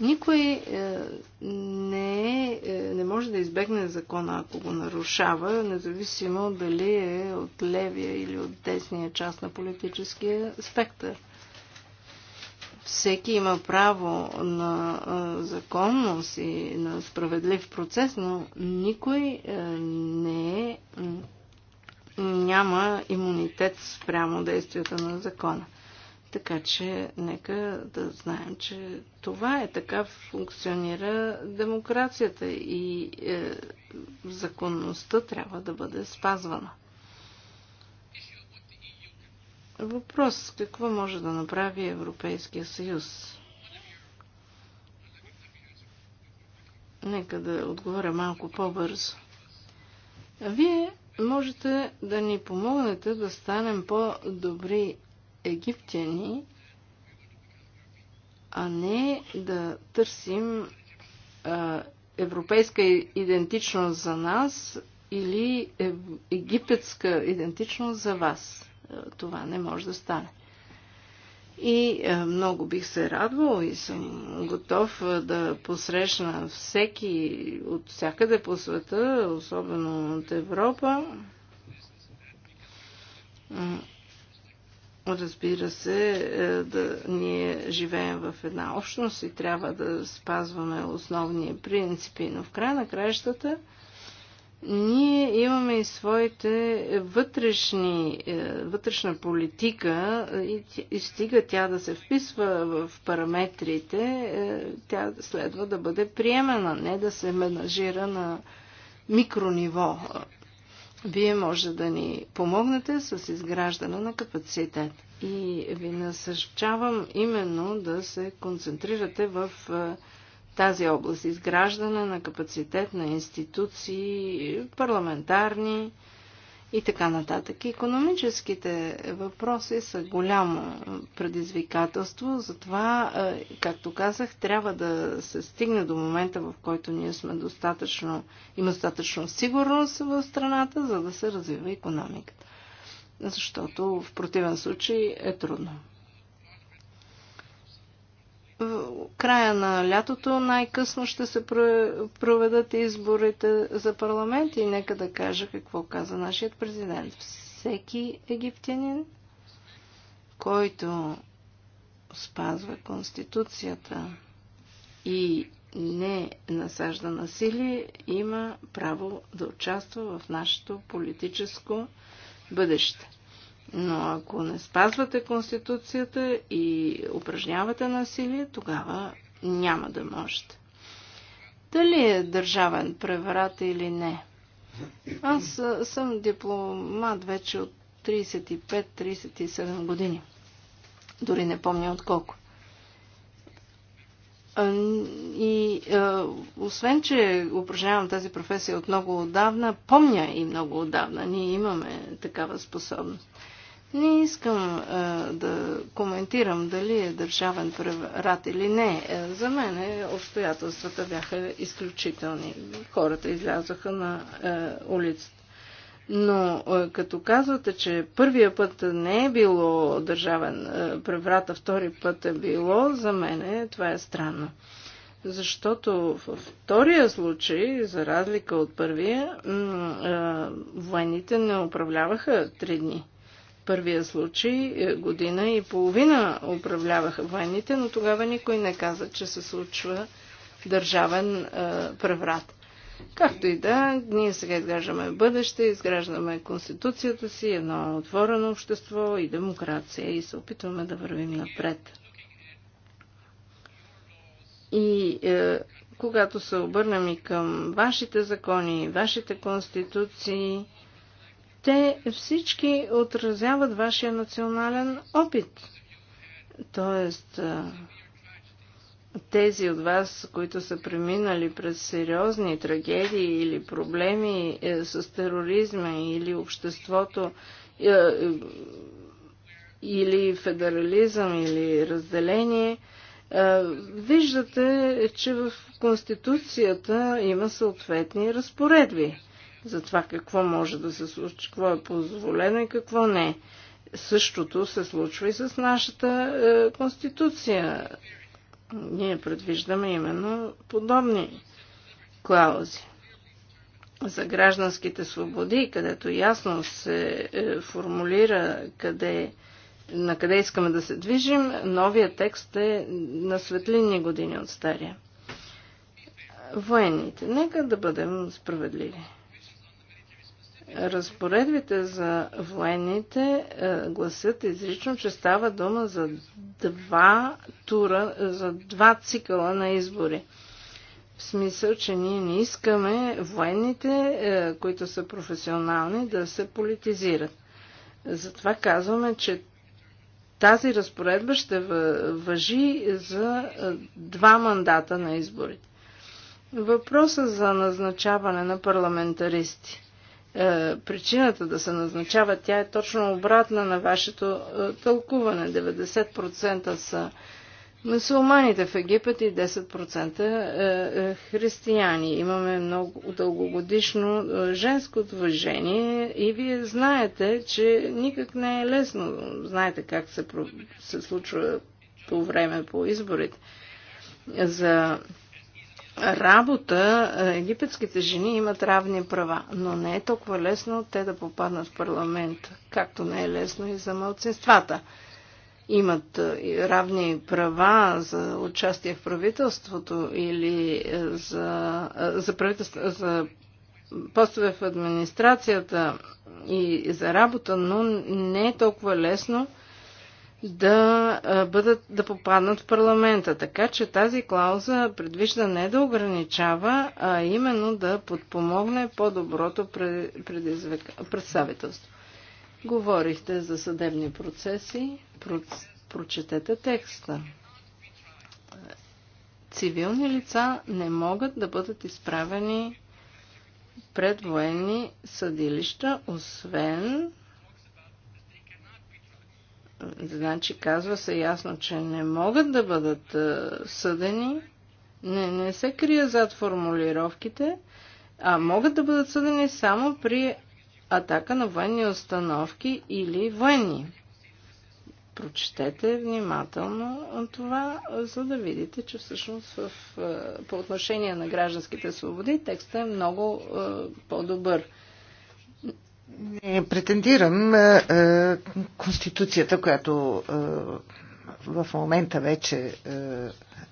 Никой е, не, е, е, не може да избегне закона, ако го нарушава, независимо дали е от левия или от десния част на политическия спектър. Всеки има право на законност и на справедлив процес, но никой не е, няма имунитет спрямо действията на закона. Така че нека да знаем, че това е така функционира демокрацията и е, законността трябва да бъде спазвана. Въпрос какво може да направи Европейския съюз? Нека да отговоря малко по-бързо. Вие можете да ни помогнете да станем по-добри египтяни, а не да търсим а, европейска идентичност за нас или египетска идентичност за вас. Това не може да стане. И много бих се радвал и съм готов да посрещна всеки от всякъде по света, особено от Европа. Разбира се, е, да, ние живеем в една общност и трябва да спазваме основни принципи, но в края на краищата ние имаме и своите вътрешни, е, вътрешна политика и, и стига тя да се вписва в параметрите, е, тя следва да бъде приемена, не да се менажира на микрониво вие може да ни помогнете с изграждане на капацитет. И ви насъщавам именно да се концентрирате в тази област. Изграждане на капацитет на институции, парламентарни, и така нататък. Економическите въпроси са голямо предизвикателство, затова, е, както казах, трябва да се стигне до момента, в който ние сме достатъчно, има достатъчно сигурност в страната, за да се развива економиката. Защото в противен случай е трудно края на лятото най-късно ще се проведат изборите за парламент и нека да кажа какво каза нашият президент. Всеки египтянин, който спазва Конституцията и не насажда насилие, има право да участва в нашето политическо бъдеще. Но ако не спазвате Конституцията и упражнявате насилие, тогава няма да можете. Дали е държавен преврат или не? Аз съм дипломат вече от 35-37 години. Дори не помня от колко. И освен, че упражнявам тази професия от много отдавна, помня и много отдавна. Ние имаме такава способност. Не искам а, да коментирам дали е държавен преврат или не. Е, за мен е, обстоятелствата бяха изключителни. Хората излязоха на а, е, улицата. Но а, като казвате, че първия път не е било държавен а, преврат, а втори път е било, за мен това е странно. Защото във втория случай, за разлика от първия, военните не управляваха три дни първия случай е, година и половина управляваха военните, но тогава никой не каза, че се случва държавен е, преврат. Както и да, ние сега изграждаме бъдеще, изграждаме конституцията си, едно отворено общество и демокрация и се опитваме да вървим напред. И е, когато се обърнем и към вашите закони, вашите конституции, те всички отразяват вашия национален опит. Тоест, тези от вас, които са преминали през сериозни трагедии или проблеми е, с тероризма или обществото, е, е, или федерализъм, или разделение, виждате, че в Конституцията има съответни разпоредби за това какво може да се случи, какво е позволено и какво не Същото се случва и с нашата е, конституция. Ние предвиждаме именно подобни клаузи. За гражданските свободи, където ясно се е, формулира къде, на къде искаме да се движим, новия текст е на светлинни години от стария. Военните, нека да бъдем справедливи. Разпоредбите за военните е, гласят изрично, че става дума за два тура, е, за два цикъла на избори. В смисъл, че ние не искаме военните, е, които са професионални, да се политизират. Затова казваме, че тази разпоредба ще въжи за два мандата на изборите. Въпросът за назначаване на парламентаристи. Е, причината да се назначава, тя е точно обратна на вашето е, тълкуване. 90% са мусулманите в Египет и 10% е, християни. Имаме много дългогодишно женско движение и вие знаете, че никак не е лесно. Знаете как се, се случва по време по изборите. За работа е, египетските жени имат равни права, но не е толкова лесно те да попаднат в парламент, както не е лесно и за мълцинствата. Имат е, равни права за участие в правителството или е, за, за, правителство, за постове в администрацията и за работа, но не е толкова лесно да, бъдат, да попаднат в парламента. Така че тази клауза предвижда не да ограничава, а именно да подпомогне по-доброто представителство. Говорихте за съдебни процеси, прочетете текста. Цивилни лица не могат да бъдат изправени пред военни съдилища, освен Значи казва се ясно, че не могат да бъдат е, съдени, не, не се крие зад формулировките, а могат да бъдат съдени само при атака на военни установки или военни. Прочетете внимателно това, за да видите, че всъщност в, е, по отношение на гражданските свободи текстът е много е, по-добър. Не претендирам. Конституцията, която в момента вече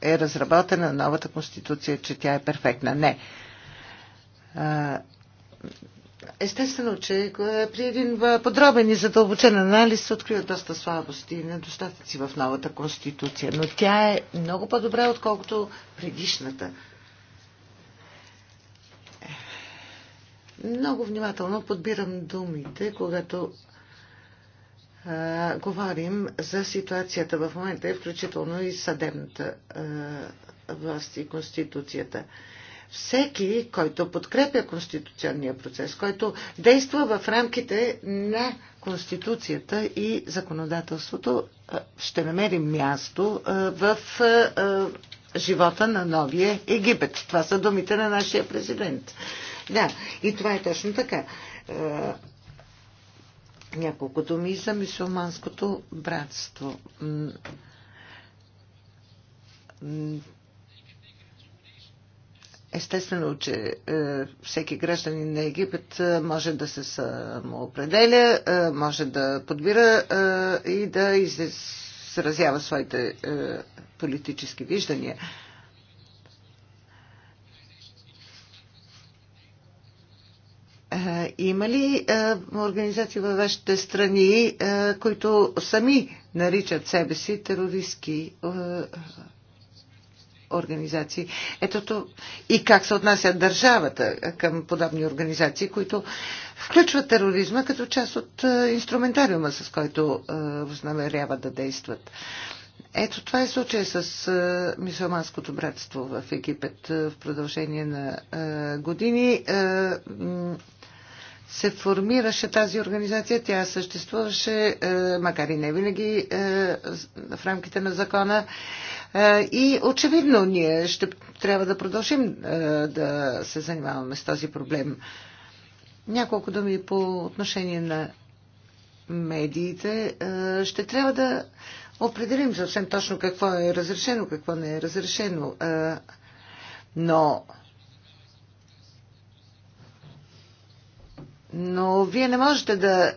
е разработена, новата конституция, че тя е перфектна. Не. Естествено, че при един подробен и задълбочен анализ се откриват доста слабости и недостатъци в новата конституция, но тя е много по-добра, отколкото предишната. Много внимателно подбирам думите, когато а, говорим за ситуацията в момента, включително и съдебната а, власт и Конституцията. Всеки, който подкрепя конституционния процес, който действа в рамките на Конституцията и законодателството, ще намери място в живота на новия Египет. Това са думите на нашия президент. Да, и това е точно така. Е, няколко думи за мисулманското братство. Естествено, че е, всеки гражданин на Египет е, може да се самоопределя, е, може да подбира е, и да изразява своите е, политически виждания. Е, има ли е, организации във вашите страни, е, които сами наричат себе си терористски организации? то, и как се отнася държавата към подобни организации, които включват тероризма като част от инструментариума, с който възнамеряват да действат. Ето това е случая с а, мисулманското братство в Египет а, в продължение на а, години. А, се формираше тази организация, тя съществуваше, е, макар и не винаги е, в рамките на закона. Е, и очевидно ние ще трябва да продължим да се занимаваме с този проблем. Няколко думи по отношение на медиите. Ще трябва да определим съвсем точно какво е разрешено, какво не е разрешено. Но Но вие не можете да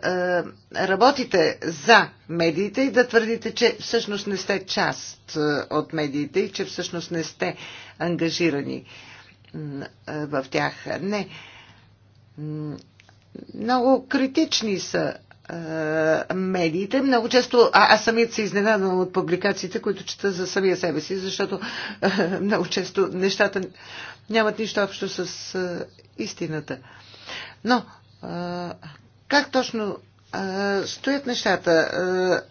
е, работите за медиите и да твърдите, че всъщност не сте част от медиите и че всъщност не сте ангажирани в тях. Не. Много критични са медиите. Много често а, аз самият се изненадвам от публикациите, които чета за самия себе си, защото е, много често нещата нямат нищо общо с е, истината. Но как точно стоят нещата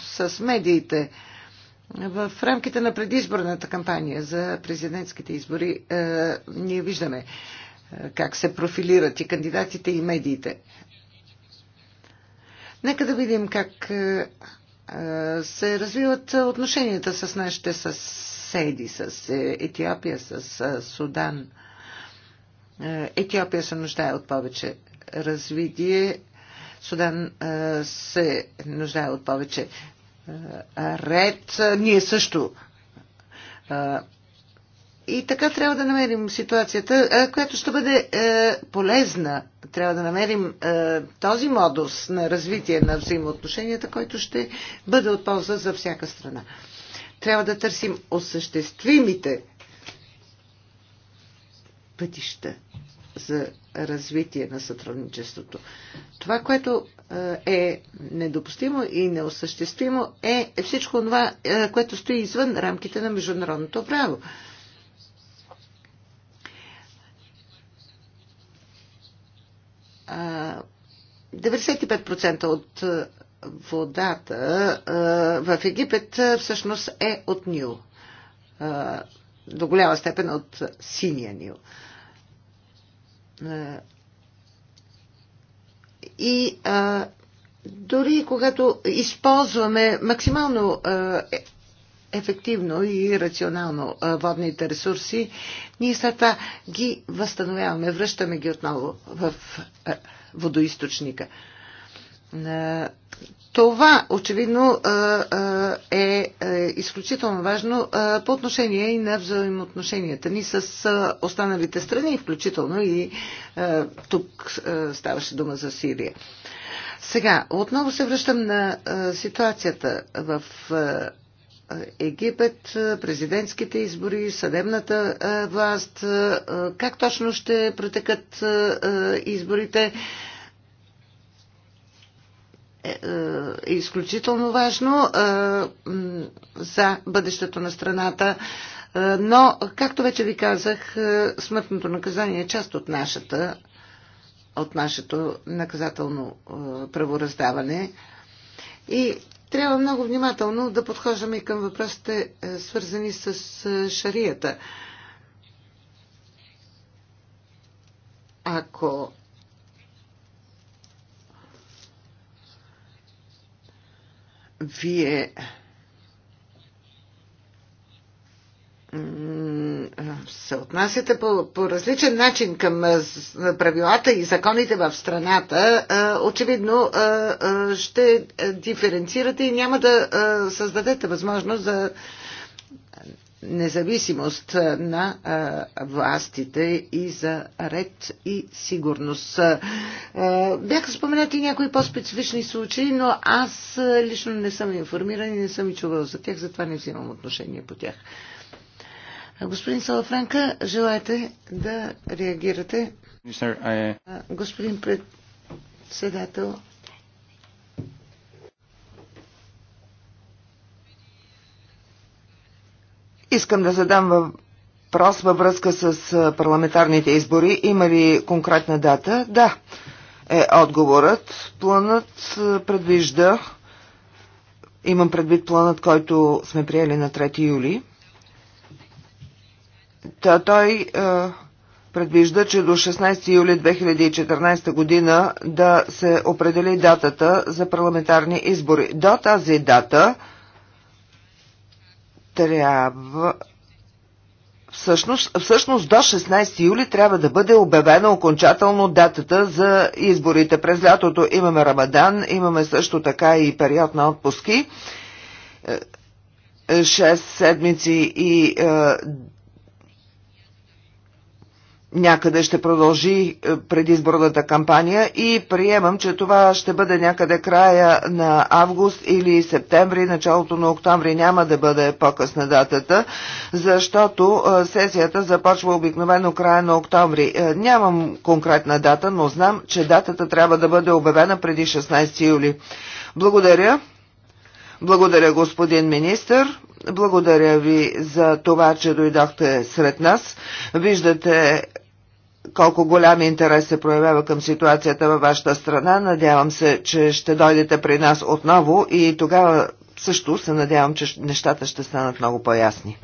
с медиите? В рамките на предизборната кампания за президентските избори ние виждаме как се профилират и кандидатите, и медиите. Нека да видим как се развиват отношенията с нашите съседи, с Етиопия, с Судан. Е, Етиопия се нуждае от повече развитие, Судан е, се нуждае от повече е, ред. Ние също. И така трябва да намерим ситуацията, която ще бъде полезна. Трябва да намерим този модус на развитие на взаимоотношенията, който ще бъде от полза за всяка страна. Трябва да търсим осъществимите пътища за развитие на сътрудничеството. Това, което е недопустимо и неосъществимо, е, е всичко това, което стои извън рамките на международното право. А, 95% от водата в Египет всъщност е от Нил. До голяма степен от синия Нил. Е, и а, дори когато използваме максимално а, е, ефективно и рационално а, водните ресурси, ние след това ги възстановяваме, връщаме ги отново в а, водоисточника. А, е, това очевидно е, е, е изключително важно по отношение и на взаимоотношенията ни с останалите страни, включително и тук ставаше дума за Сирия. Сега, отново се връщам на ситуацията в Египет, президентските избори, съдебната власт, как точно ще протекат изборите е, е изключително важно е, за бъдещето на страната. Е, но, както вече ви казах, смъртното наказание е част от нашата от нашето наказателно правораздаване. И трябва много внимателно да подхождаме и към въпросите, свързани с шарията. Ако Вие се отнасяте по, по различен начин към правилата и законите в страната, очевидно ще диференцирате и няма да създадете възможност за независимост на властите и за ред и сигурност. Бяха споменати някои по-специфични случаи, но аз лично не съм информиран и не съм и чувал за тях, затова не взимам отношение по тях. Господин Салафранка, желаете да реагирате? Е, господин председател, Искам да задам въпрос във връзка с парламентарните избори. Има ли конкретна дата? Да, е отговорът. Планът предвижда, имам предвид планът, който сме приели на 3 юли. Та той е, предвижда, че до 16 юли 2014 година да се определи датата за парламентарни избори. До тази дата трябва Всъщност, всъщност до 16 юли трябва да бъде обявена окончателно датата за изборите. През лятото имаме Рамадан, имаме също така и период на отпуски. 6 е, седмици и е, някъде ще продължи е, предизборната кампания и приемам, че това ще бъде някъде края на август или септември, началото на октомври няма да бъде по-късна датата, защото е, сесията започва обикновено края на октомври. Е, нямам конкретна дата, но знам, че датата трябва да бъде обявена преди 16 юли. Благодаря. Благодаря, господин министр. Благодаря ви за това, че дойдохте сред нас. Виждате колко голям интерес се проявява към ситуацията във вашата страна. Надявам се, че ще дойдете при нас отново и тогава също се надявам, че нещата ще станат много по-ясни.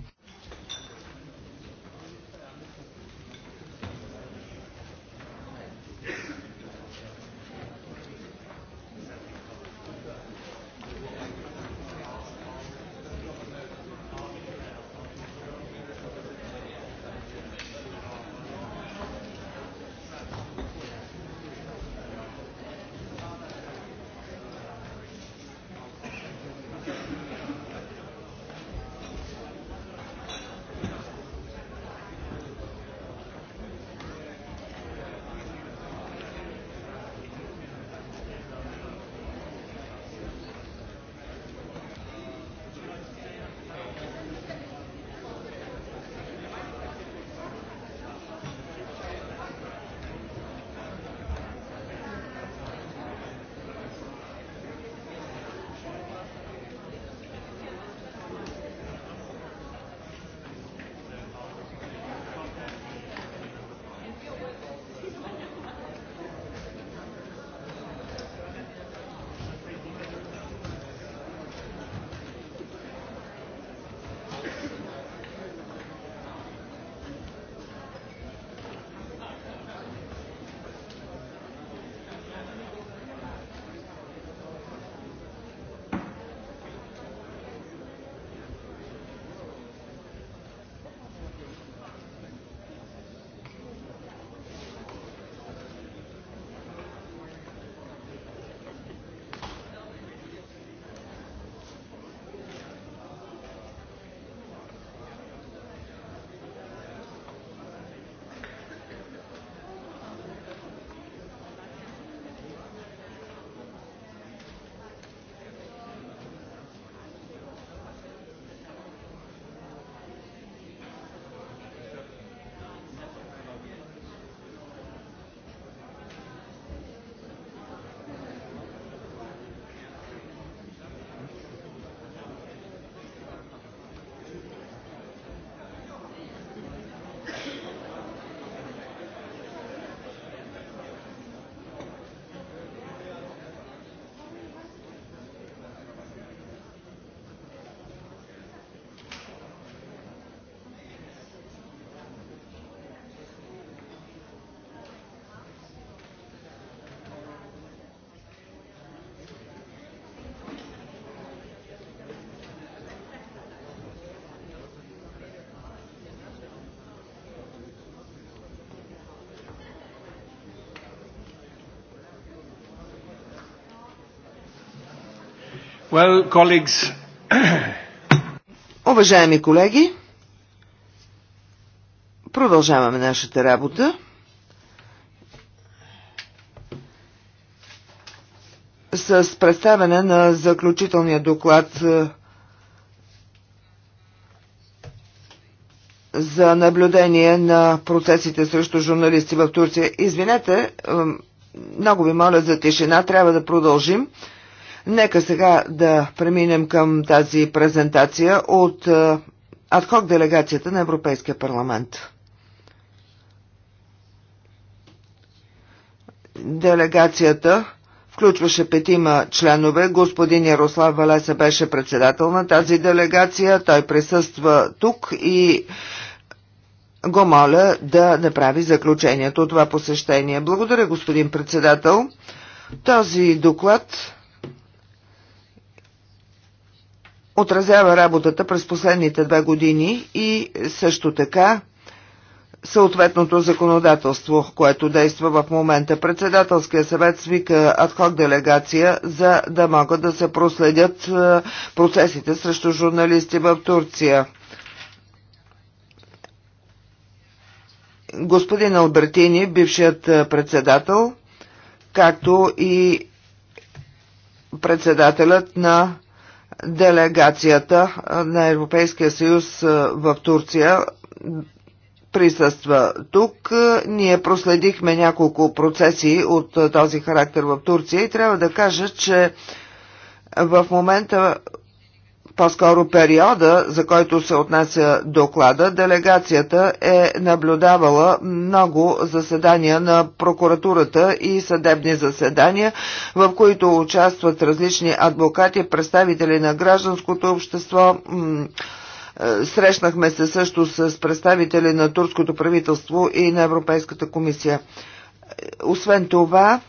Well, Уважаеми колеги, продължаваме нашата работа. С представяне на заключителния доклад е, за наблюдение на процесите срещу журналисти в Турция. Извинете, е, много ви моля за тишина, трябва да продължим. Нека сега да преминем към тази презентация от е, адхок делегацията на Европейския парламент. Делегацията включваше петима членове. Господин Ярослав Валеса беше председател на тази делегация. Той присъства тук и го моля да направи заключението от това посещение. Благодаря, господин председател. Този доклад отразява работата през последните две години и също така съответното законодателство, което действа в момента. Председателския съвет свика адхок делегация, за да могат да се проследят е, процесите срещу журналисти в Турция. Господин Албертини, бившият е, председател, както и председателят на делегацията на Европейския съюз в Турция присъства тук. Ние проследихме няколко процеси от този характер в Турция и трябва да кажа, че в момента по-скоро периода, за който се отнася доклада, делегацията е наблюдавала много заседания на прокуратурата и съдебни заседания, в които участват различни адвокати, представители на гражданското общество, е, Срещнахме се също с представители на турското правителство и на Европейската комисия. Е, освен това,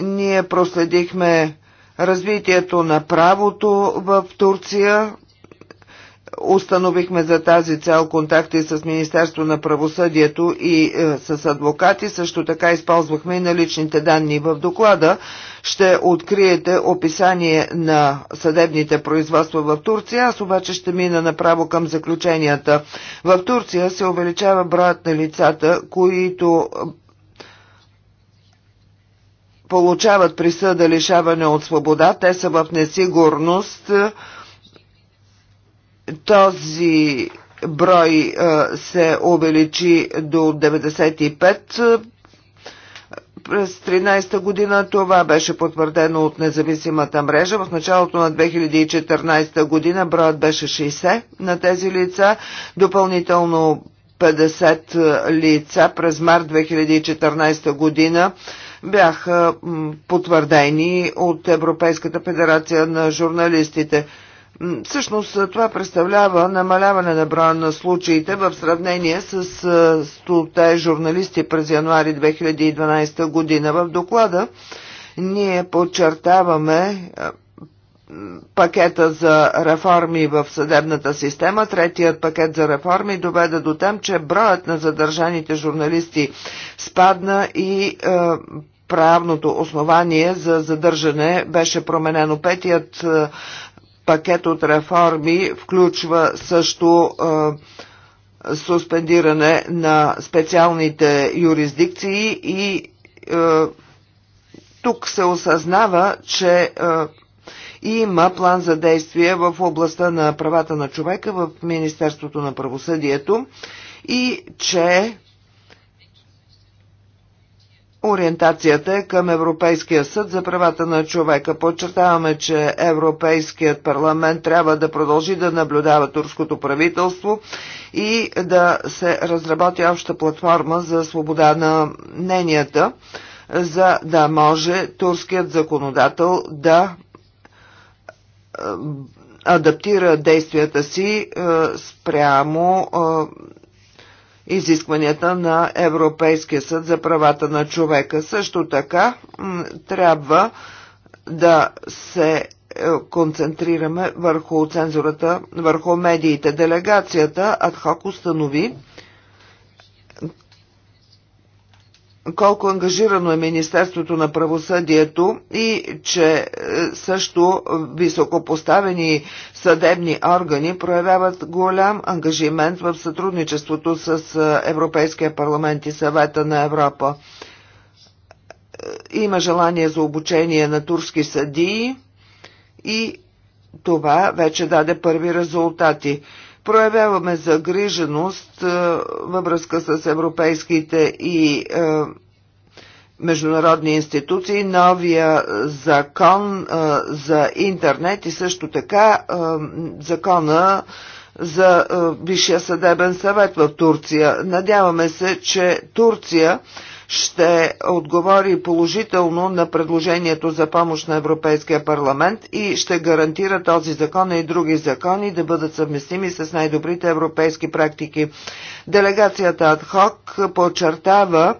ние проследихме развитието на правото в Турция. Установихме за тази цел контакти с Министерство на правосъдието и е, с адвокати. Също така използвахме и наличните данни в доклада. Ще откриете описание на съдебните производства в Турция. Аз обаче ще мина направо към заключенията. В Турция се увеличава броят на лицата, които получават присъда лишаване от свобода, те са в несигурност. Този брой се увеличи до 95 през 13 година това беше потвърдено от независимата мрежа. В началото на 2014 година броят беше 60 на тези лица. Допълнително 50 лица през март 2014 година бяха потвърдени от Европейската федерация на журналистите. Всъщност това представлява намаляване на броя на случаите в сравнение с 100 журналисти през януари 2012 година. В доклада ние подчертаваме пакета за реформи в съдебната система. Третият пакет за реформи доведе до там, че броят на задържаните журналисти спадна и е, правното основание за задържане беше променено. Петият е, пакет от реформи включва също е, суспендиране на специалните юрисдикции и е, тук се осъзнава, че има план за действие в областта на правата на човека в Министерството на правосъдието и че Ориентацията е към Европейския съд за правата на човека. Подчертаваме, че Европейският парламент трябва да продължи да наблюдава турското правителство и да се разработи обща платформа за свобода на мненията, за да може турският законодател да е, адаптира действията си е, спрямо е, изискванията на Европейския съд за правата на човека. Също така трябва да се е, концентрираме върху цензурата, върху медиите. Делегацията Адхок установи, колко ангажирано е Министерството на правосъдието и че е, също високопоставени съдебни органи проявяват голям ангажимент в сътрудничеството с е, Европейския парламент и съвета на Европа. Е, има желание за обучение на турски съдии и това вече даде първи резултати проявяваме загриженост е, във връзка с европейските и е, международни институции, новия закон е, за интернет и също така закона за Висшия съдебен съвет в Турция. Надяваме се, че Турция ще отговори положително на предложението за помощ на Европейския парламент и ще гарантира този закон и други закони да бъдат съвместими с най-добрите европейски практики. Делегацията Адхок подчертава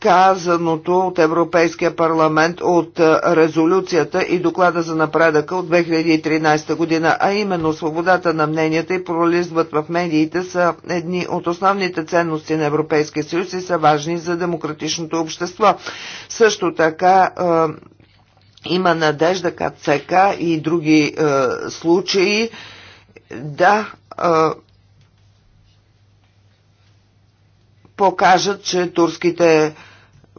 казаното от Европейския парламент от резолюцията и доклада за напредъка от 2013 година, а именно свободата на мненията и пролизват в медиите са едни от основните ценности на Европейския съюз и са важни за демократичното общество. Също така има надежда КЦК и други случаи да покажат, че турските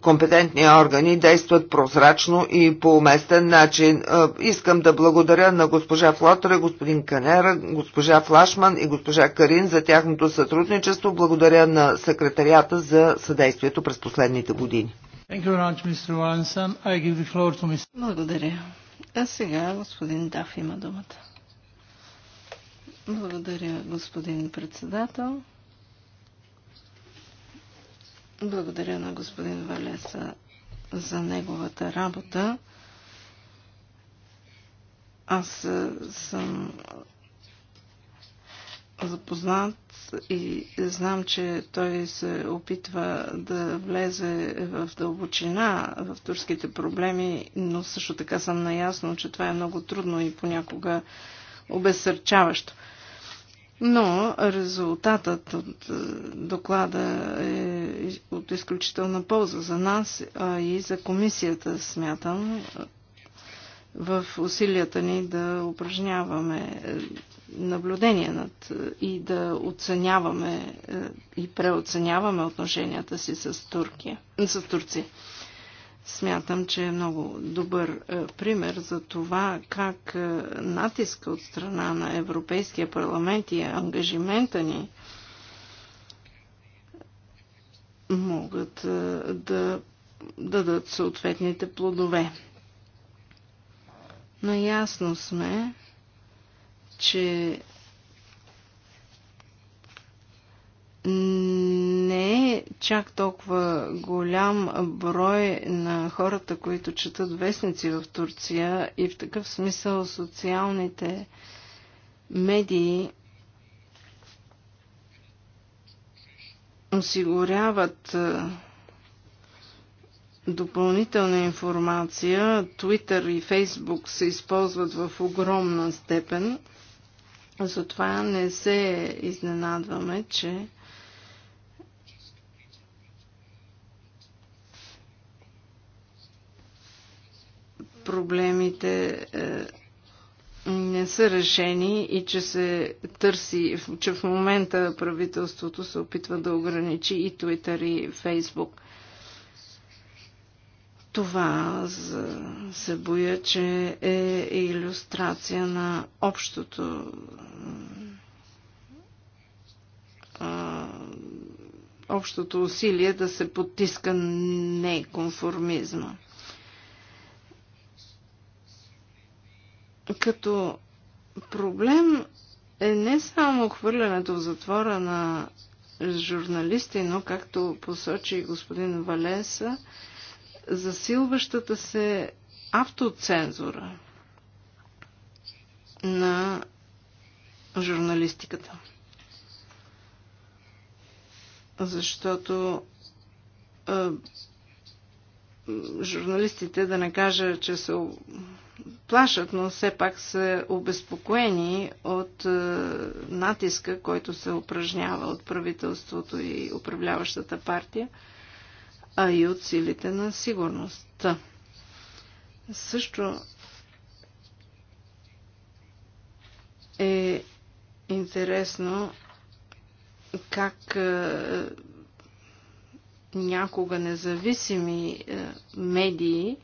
компетентни органи действат прозрачно и по уместен начин. Искам да благодаря на госпожа Флотера, господин Канера, госпожа Флашман и госпожа Карин за тяхното сътрудничество. Благодаря на секретарията за съдействието през последните години. Благодаря. А сега господин Даф има думата. Благодаря, господин председател. Благодаря на господин Валеса за неговата работа. Аз е, съм запознат и знам, че той се опитва да влезе в дълбочина в турските проблеми, но също така съм наясно, че това е много трудно и понякога обезсърчаващо. Но резултатът от е, доклада е от изключителна полза за нас, а и за комисията, смятам, в усилията ни да упражняваме е, наблюдение над е, и да оценяваме е, и преоценяваме отношенията си с, Туркия, с Турция. Смятам, че е много добър пример за това как натиска от страна на Европейския парламент и ангажимента ни могат е, да дадат съответните плодове. Наясно сме, че не е чак толкова голям брой на хората, които четат вестници в Турция и в такъв смисъл социалните медии осигуряват е, допълнителна информация. Twitter и Facebook се използват в огромна степен. Затова не се изненадваме, че проблемите е, не са решени и че се търси, че в момента правителството се опитва да ограничи и Twitter и Facebook. Това за, се боя, че е иллюстрация на общото общото усилие да се потиска неконформизма. като проблем е не само хвърлянето в затвора на журналисти, но както посочи господин Валеса, засилващата се автоцензура на журналистиката. Защото е, журналистите, да не кажа, че са плашат, но все пак са обезпокоени от е, натиска, който се упражнява от правителството и управляващата партия, а и от силите на сигурността. Също е интересно как е, някога независими е, медии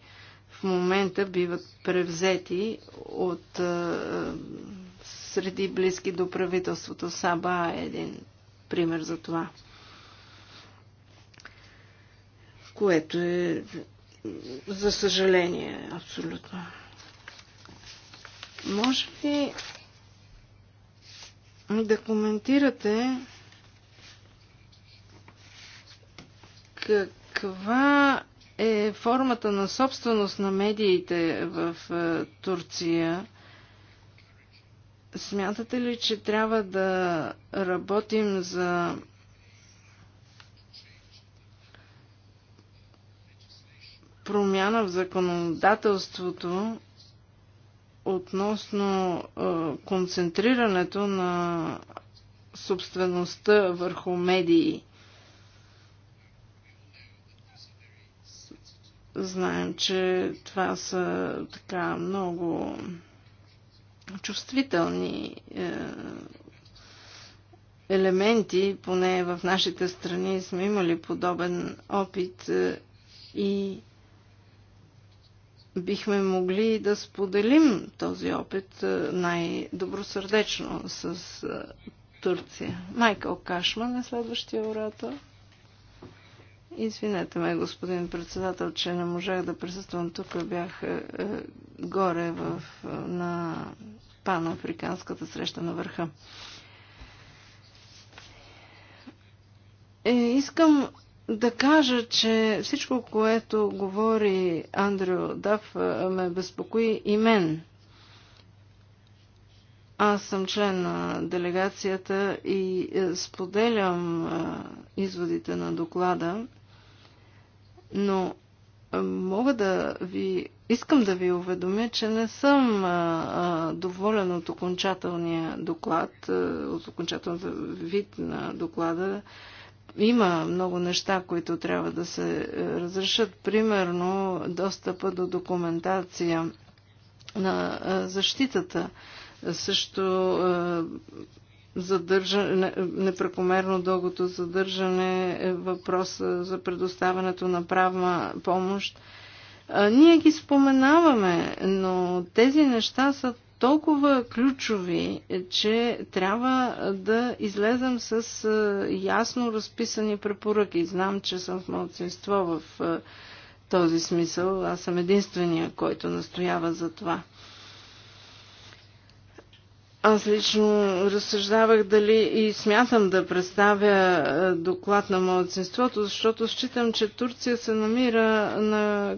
момента биват превзети от среди близки до правителството. Саба е един пример за това. Което е за съжаление, абсолютно. Може ли да коментирате каква е формата на собственост на медиите в е, Турция. Смятате ли, че трябва да работим за промяна в законодателството относно е, концентрирането на собствеността върху медии? Знаем, че това са така много чувствителни е, елементи, поне в нашите страни сме имали подобен опит е, и бихме могли да споделим този опит е, най-добросърдечно с е, Турция. Майкъл Кашман е следващия оратор. Извинете ме, господин председател, че не можах да присъствам тук. Бях е, е, горе в, на панафриканската среща на върха. Е, искам да кажа, че всичко, което говори Андрю Дав, е, ме безпокои и мен. Аз съм член на делегацията и е, споделям изводите на доклада. Но мога да ви, искам да ви уведомя, че не съм доволен от окончателния доклад, от окончателната вид на доклада. Има много неща, които трябва да се е, разрешат. Примерно, достъпа до документация на защитата. Също е, задържане, непрекомерно дългото задържане, е въпроса е, за предоставянето на правна помощ. Ние ги споменаваме, но тези неща са толкова ключови, е, че трябва да излезем с ясно разписани препоръки. Знам, че съм в младсинство в този смисъл. Аз съм единствения, който настоява за това. Аз лично разсъждавах дали и смятам да представя е, доклад на младсинството, защото считам, че Турция се намира на,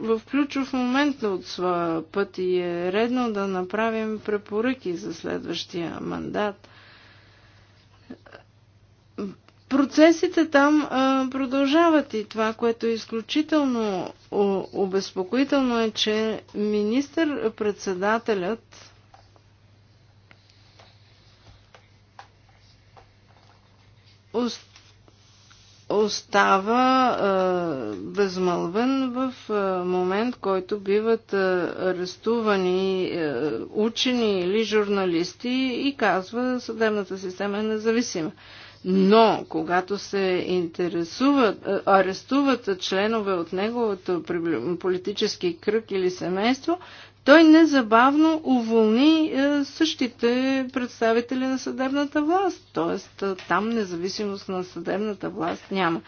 в ключов момент от своя път и е редно да направим препоръки за следващия мандат. Процесите там е, продължават и това, което е изключително обезпокоително е, че министър-председателят остава а, безмълвен в а, момент, който биват а, арестувани а, учени или журналисти и казва съдебната система е независима. Но, когато се интересуват, е, арестуват членове от неговото политически кръг или семейство, той незабавно уволни е, същите представители на съдебната власт. Тоест, е, там независимост на съдебната власт няма.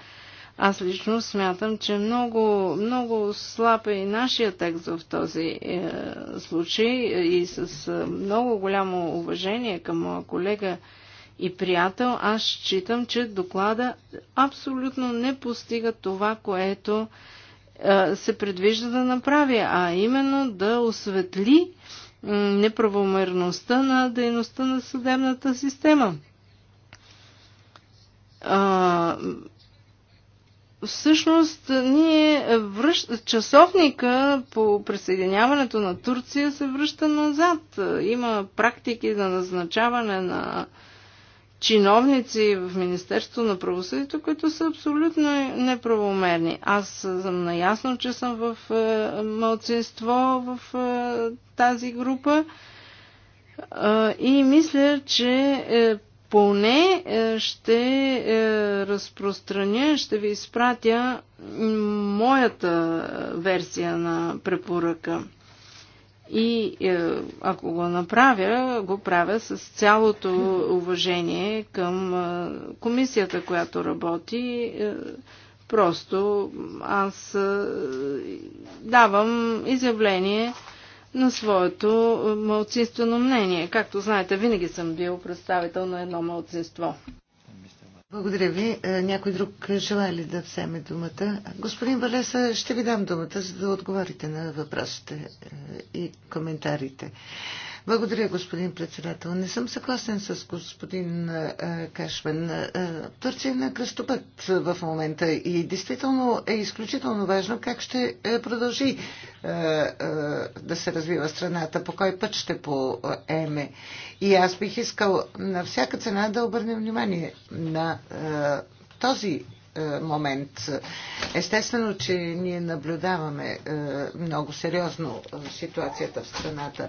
Аз лично смятам, че много, много слаб е и нашия текст в този е, случай и с много голямо уважение към моя колега и приятел, аз считам, че доклада абсолютно не постига това, което е, се предвижда да направи, а именно да осветли неправомерността на дейността на съдебната система. А, всъщност, ние връщ... часовника по присъединяването на Турция се връща назад. Има практики за назначаване на чиновници в Министерство на правосъдието, които са абсолютно неправомерни. Аз съм наясно, че съм в е, мълцинство в е, тази група е, и мисля, че поне ще разпространя, ще ви изпратя моята версия на препоръка. И е, ако го направя, го правя с цялото уважение към е, комисията, която работи. Е, просто аз давам изявление на своето малцинствено мнение. Както знаете, винаги съм бил представител на едно малцинство. Благодаря ви. Е, някой друг желая ли да вземе думата? Господин Валеса, ще ви дам думата, за да отговорите на въпросите е, и коментарите. Благодаря, господин председател. Не съм съгласен с господин Кашмен. Турция е на кръстопът в момента и действително е изключително важно как ще е, продължи да се развива страната, по кой път ще поеме. И аз бих искал на всяка цена да обърнем внимание на този момент. Естествено, че ние наблюдаваме много сериозно ситуацията в страната.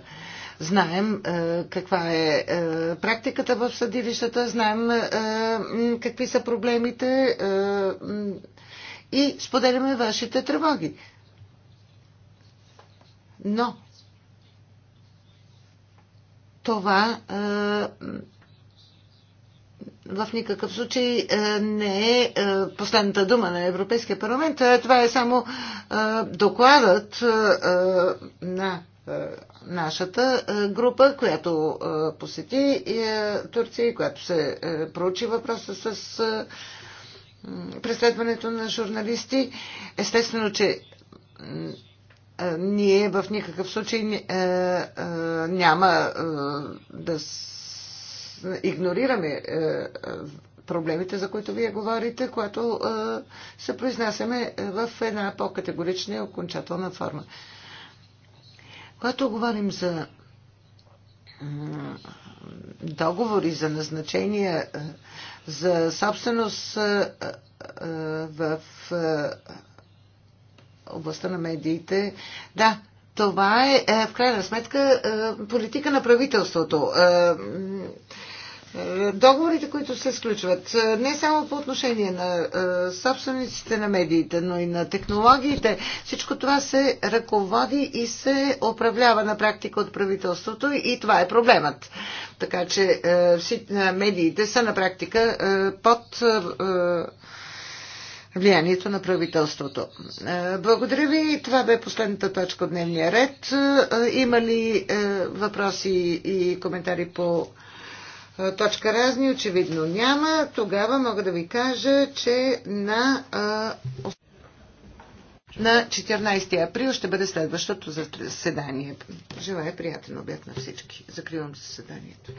Знаем е, каква е, е практиката в съдилищата, знаем е, какви са проблемите и споделяме вашите тревоги. Но това в никакъв случай не е последната дума на Европейския парламент. Това е само докладът на нашата е, група, която е, посети е, Турция и която се проучи въпроса с преследването на журналисти. Естествено, че ние в никакъв случай няма да игнорираме проблемите, за които вие говорите, когато се произнасяме в една по-категорична и окончателна форма. Когато говорим за договори за назначения е, за собственост е, е, в областта на медиите, да, това е в крайна сметка политика на правителството договорите, които се сключват, е, не само по отношение на е, собствениците на медиите, но и на технологиите, всичко това се ръководи и се управлява на практика от правителството и това е проблемът. Така че е, медиите са на практика под влиянието на правителството. Благодаря ви. Това бе последната точка от дневния ред. Има ли въпроси и коментари по Точка разни очевидно няма. Тогава мога да ви кажа, че на, на 14 април ще бъде следващото заседание. Желая приятен обяд на всички. Закривам заседанието.